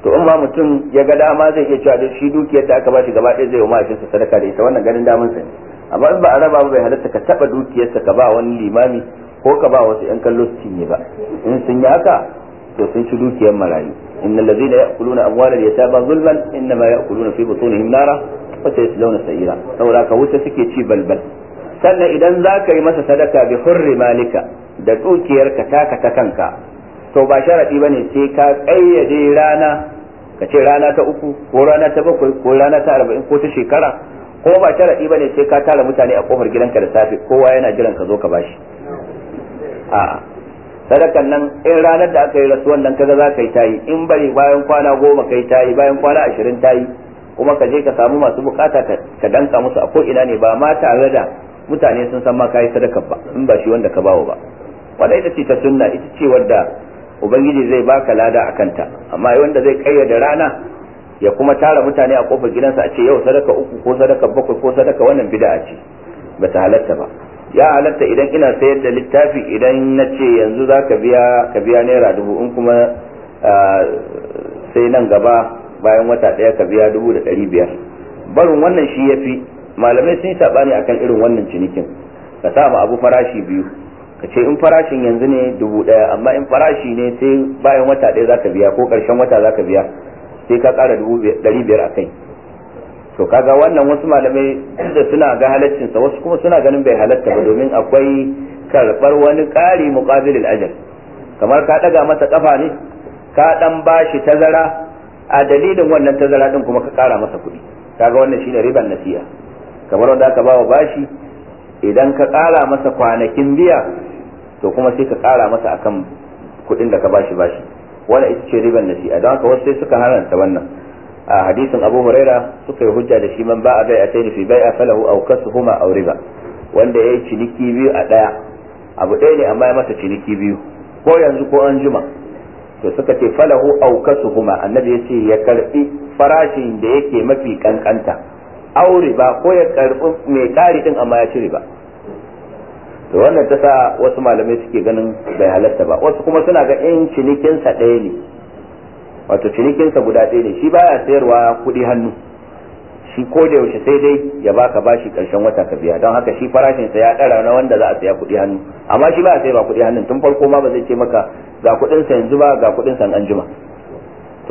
to in ma mutum ya ga dama zai iya cewa shi dukiyar da aka bashi gaba ɗaya zai yi mahaifinsa sadaka da ita wannan ganin damun sa ne amma in ba a raba ba bai halatta ka taɓa dukiyarsa ka ba wani limami ko ka ba wasu yan kallo su cinye ba in sun yi haka to sun ci dukiyar marayu innal ladzina ya'kuluna amwalal yataba zulman innama ya'kuluna fi butunihim nara wa sayaslawna sa'ira saboda ka wuce suke ci balbal sannan idan zaka yi masa sadaka bi hurri malika da dukiyarka taka ta kanka to ba sharadi bane sai ka kayyade rana ka ce rana ta uku ko rana ta bakwai ko rana ta arba'in ko ta shekara ko ba sharadi bane sai ka tara mutane a kofar gidanka da safe kowa yana jiran ka zo ka bashi a'a sadakan nan in ranar da aka yi rasuwan nan kaga za ka yi tayi in bari bayan kwana goma ka yi tayi bayan kwana ashirin tayi kuma ka je ka samu masu bukata ka danka musu a ko ina ne ba ma tare da mutane sun san ma ka yi ba in ba shi wanda ka bawa ba wanda ita ce ta sunna ita ce wadda ubangiji zai baka lada a kanta amma wanda zai kayyade rana ya kuma tara mutane a kofar gidansa a ce yau sadaka uku ko sadaka bakwai ko sadaka wannan bid'a ce bata halatta ba ya halatta idan ina sayar da littafi idan na ce yanzu za ka biya ka biya naira dubu in kuma sai nan gaba bayan wata ɗaya ka biya dubu da ɗari biyar barin wannan shi ya fi malamai sun yi saɓani akan irin wannan cinikin ka sa ma abu farashi biyu ka ce in farashin yanzu ne dubu ɗaya amma in farashi ne sai bayan wata ɗaya za ka biya ko karshen wata za ka biya sai ka ƙara dubu ɗari biyar a kai to kaga wannan wasu malamai da suna ga halaccinsa wasu kuma suna ganin bai halatta ba domin akwai karɓar wani ƙari muƙabilin ajal kamar ka ɗaga masa ƙafa ne ka ɗan bashi tazara a dalilin wannan tazara din kuma ka ƙara masa kuɗi kaga wannan shine riban nasiya kamar wanda aka bawa bashi idan ka ƙara masa kwanakin biya to kuma sai ka ƙara masa akan kuɗin da ka bashi bashi wannan ita ce riban nasiya don haka wasu sai suka haranta wannan a hadisin abu huraira suka yi hujja da shi man ba'a bai a taini bai a falahu aw huma aw riba wanda ya yi ciniki biyu a ɗaya abu ɗaya ne amma ya masa ciniki biyu ko yanzu ko an juma to suka ce falahu aw huma annabi ce ya karbi farashin da yake mafi kankanta aure ba ko ya karbi mai ƙari ɗin amma ya ci ba to wannan ta sa wasu malamai suke ganin bai halatta ba wasu kuma suna ga in cinikinsa ɗaya ne wato cinikinsa guda ɗaya ne shi baya sayarwa kuɗi hannu shi ko da yaushe sai dai ya baka bashi karshen wata ka biya don haka shi farashin sa ya dara na wanda za a saya kuɗi hannu amma shi ba a sai ba kuɗi hannun tun farko ma ba zai ce maka ga kuɗin sa yanzu ba ga kuɗin sa an jima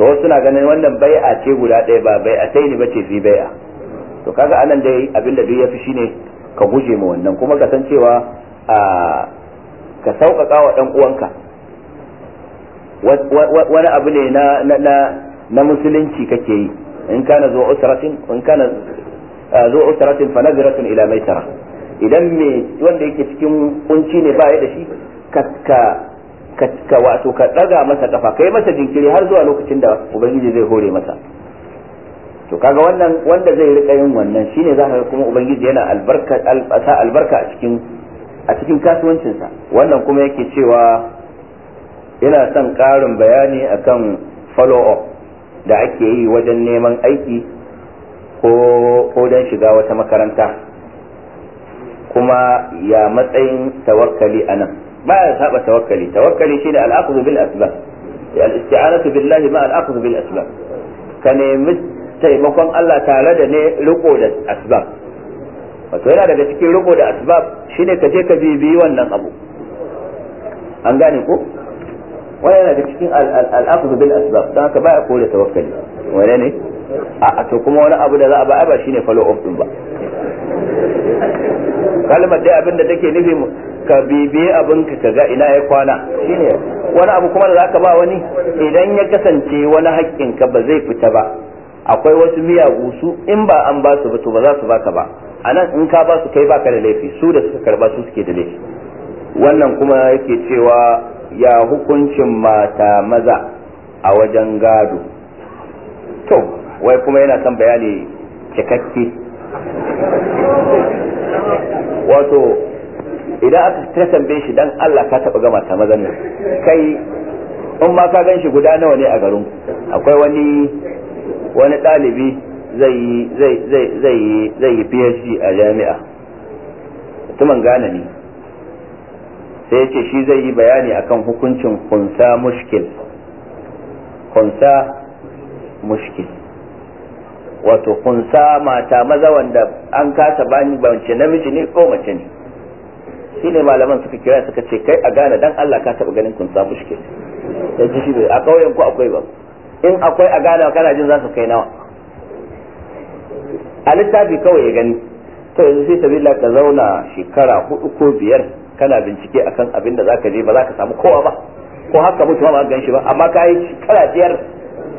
to wasu suna ganin wannan bai'a ce guda ɗaya ba bai'a tai ne ce fi bai'a to kaga anan dai abin da duk yafi shine ka guje ma wannan kuma ka san cewa a ka sauƙaƙa wa ɗan uwanka wani abu ne na musulunci kake yi in kana zuwa usratin in kana zuwa usratin fa nazaratun ila maitara idan me wanda yake cikin kunci ne ba ya da shi ka ka wato ka daga masa kafa kai masa jinkiri har zuwa lokacin da ubangiji zai hore masa to kaga wannan wanda zai rika yin wannan shine za ka kuma ubangiji yana albarka albarka a cikin a cikin kasuwancinsa wannan kuma yake cewa ina son ƙarin bayani akan follow up da ake yi wajen neman aiki ko don shiga wata makaranta kuma ya matsayin tawakkali a nan ba ya saba tawakkali tawakkali shi ne al'akuzu bil asbab al-isti'anatu billahi ma al'akuzu bil asbab ka nemi taimakon Allah tare da ne riko da asbab wato yana daga cikin riko da asbab shine ka je ka bibiyi wannan abu an gane ko wannan da cikin al'aqdu bil asbab dan haka baya kore tawakkali wane ne a to kuma wani abu da za a ba ba shine follow up din ba kalmar dai abin da take nufi ka bibiye abin ka ga ina ya kwana shine wani abu kuma da za ka ba wani idan ya kasance wani haƙƙin ka ba zai fita ba akwai wasu miyagu su in ba an ba su ba to ba za su baka ba anan in ka ba su kai baka da laifi su da suka karba su suke da laifi wannan kuma yake cewa ya hukuncin mata maza a wajen gado to wai kuma yana son bayani cikakke wato idan aka tambaye shi dan Allah ka taba gama ta mazan nan kai in ma ka gan shi guda nawa ne a garin akwai wani wani ɗalibi zai yi zai zai zai yi PhD a jami'a mutumin gane ni. sai yake shi zai yi bayani akan hukuncin kunsa mushkil kunsa mushkil wato kunsa mata maza wanda an kasa bani bance namiji ne ko mace ne shi ne malaman suka kira suka ce kai a gane dan Allah ka taba ganin kunsa mushkil ji shi a kauyen ku akwai ba in akwai a gane kana jin za su kai nawa a littafi kawai ya gani to yanzu sai sabila ka zauna shekara hudu ko biyar kana bincike akan abin da zaka je ba za ka samu kowa ba ko haka mutum ba gan shi ba amma ka yi kana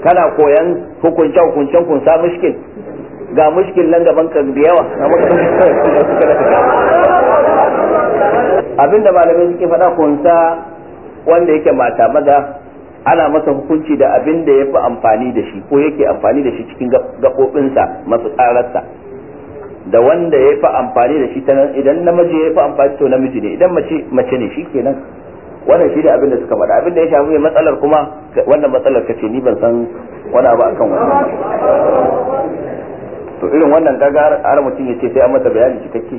kana koyan hukunce hukuncen kun sa mushkil ga mushkil nan gaban ka da yawa abin da malamai suke faɗa kunsa wanda yake mata maza ana masa hukunci da abin da ya fi amfani da shi ko yake amfani da shi cikin gaɓoɓinsa masu tsararsa da wanda ya fi amfani da shi ta nan idan namiji ya fi amfani to namiji ne idan mace mace ne shi kenan wannan shi ne abin da suka faɗa abin da ya shafi matsalar kuma wannan matsalar kace ni ban san wani abu akan wannan to irin wannan kaga har mutum ya ce sai an masa bayani cikakke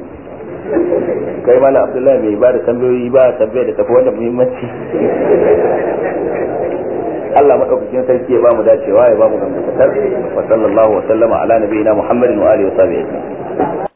kai mala abdullahi mai ba da tambayoyi ba tambayar da tafi wannan muhimmanci Allah madaukakin sarki ya ba mu dacewa ya ba mu gamdakatar wa sallallahu wa sallama ala nabiyina Muhammadin wa alihi wa sahbihi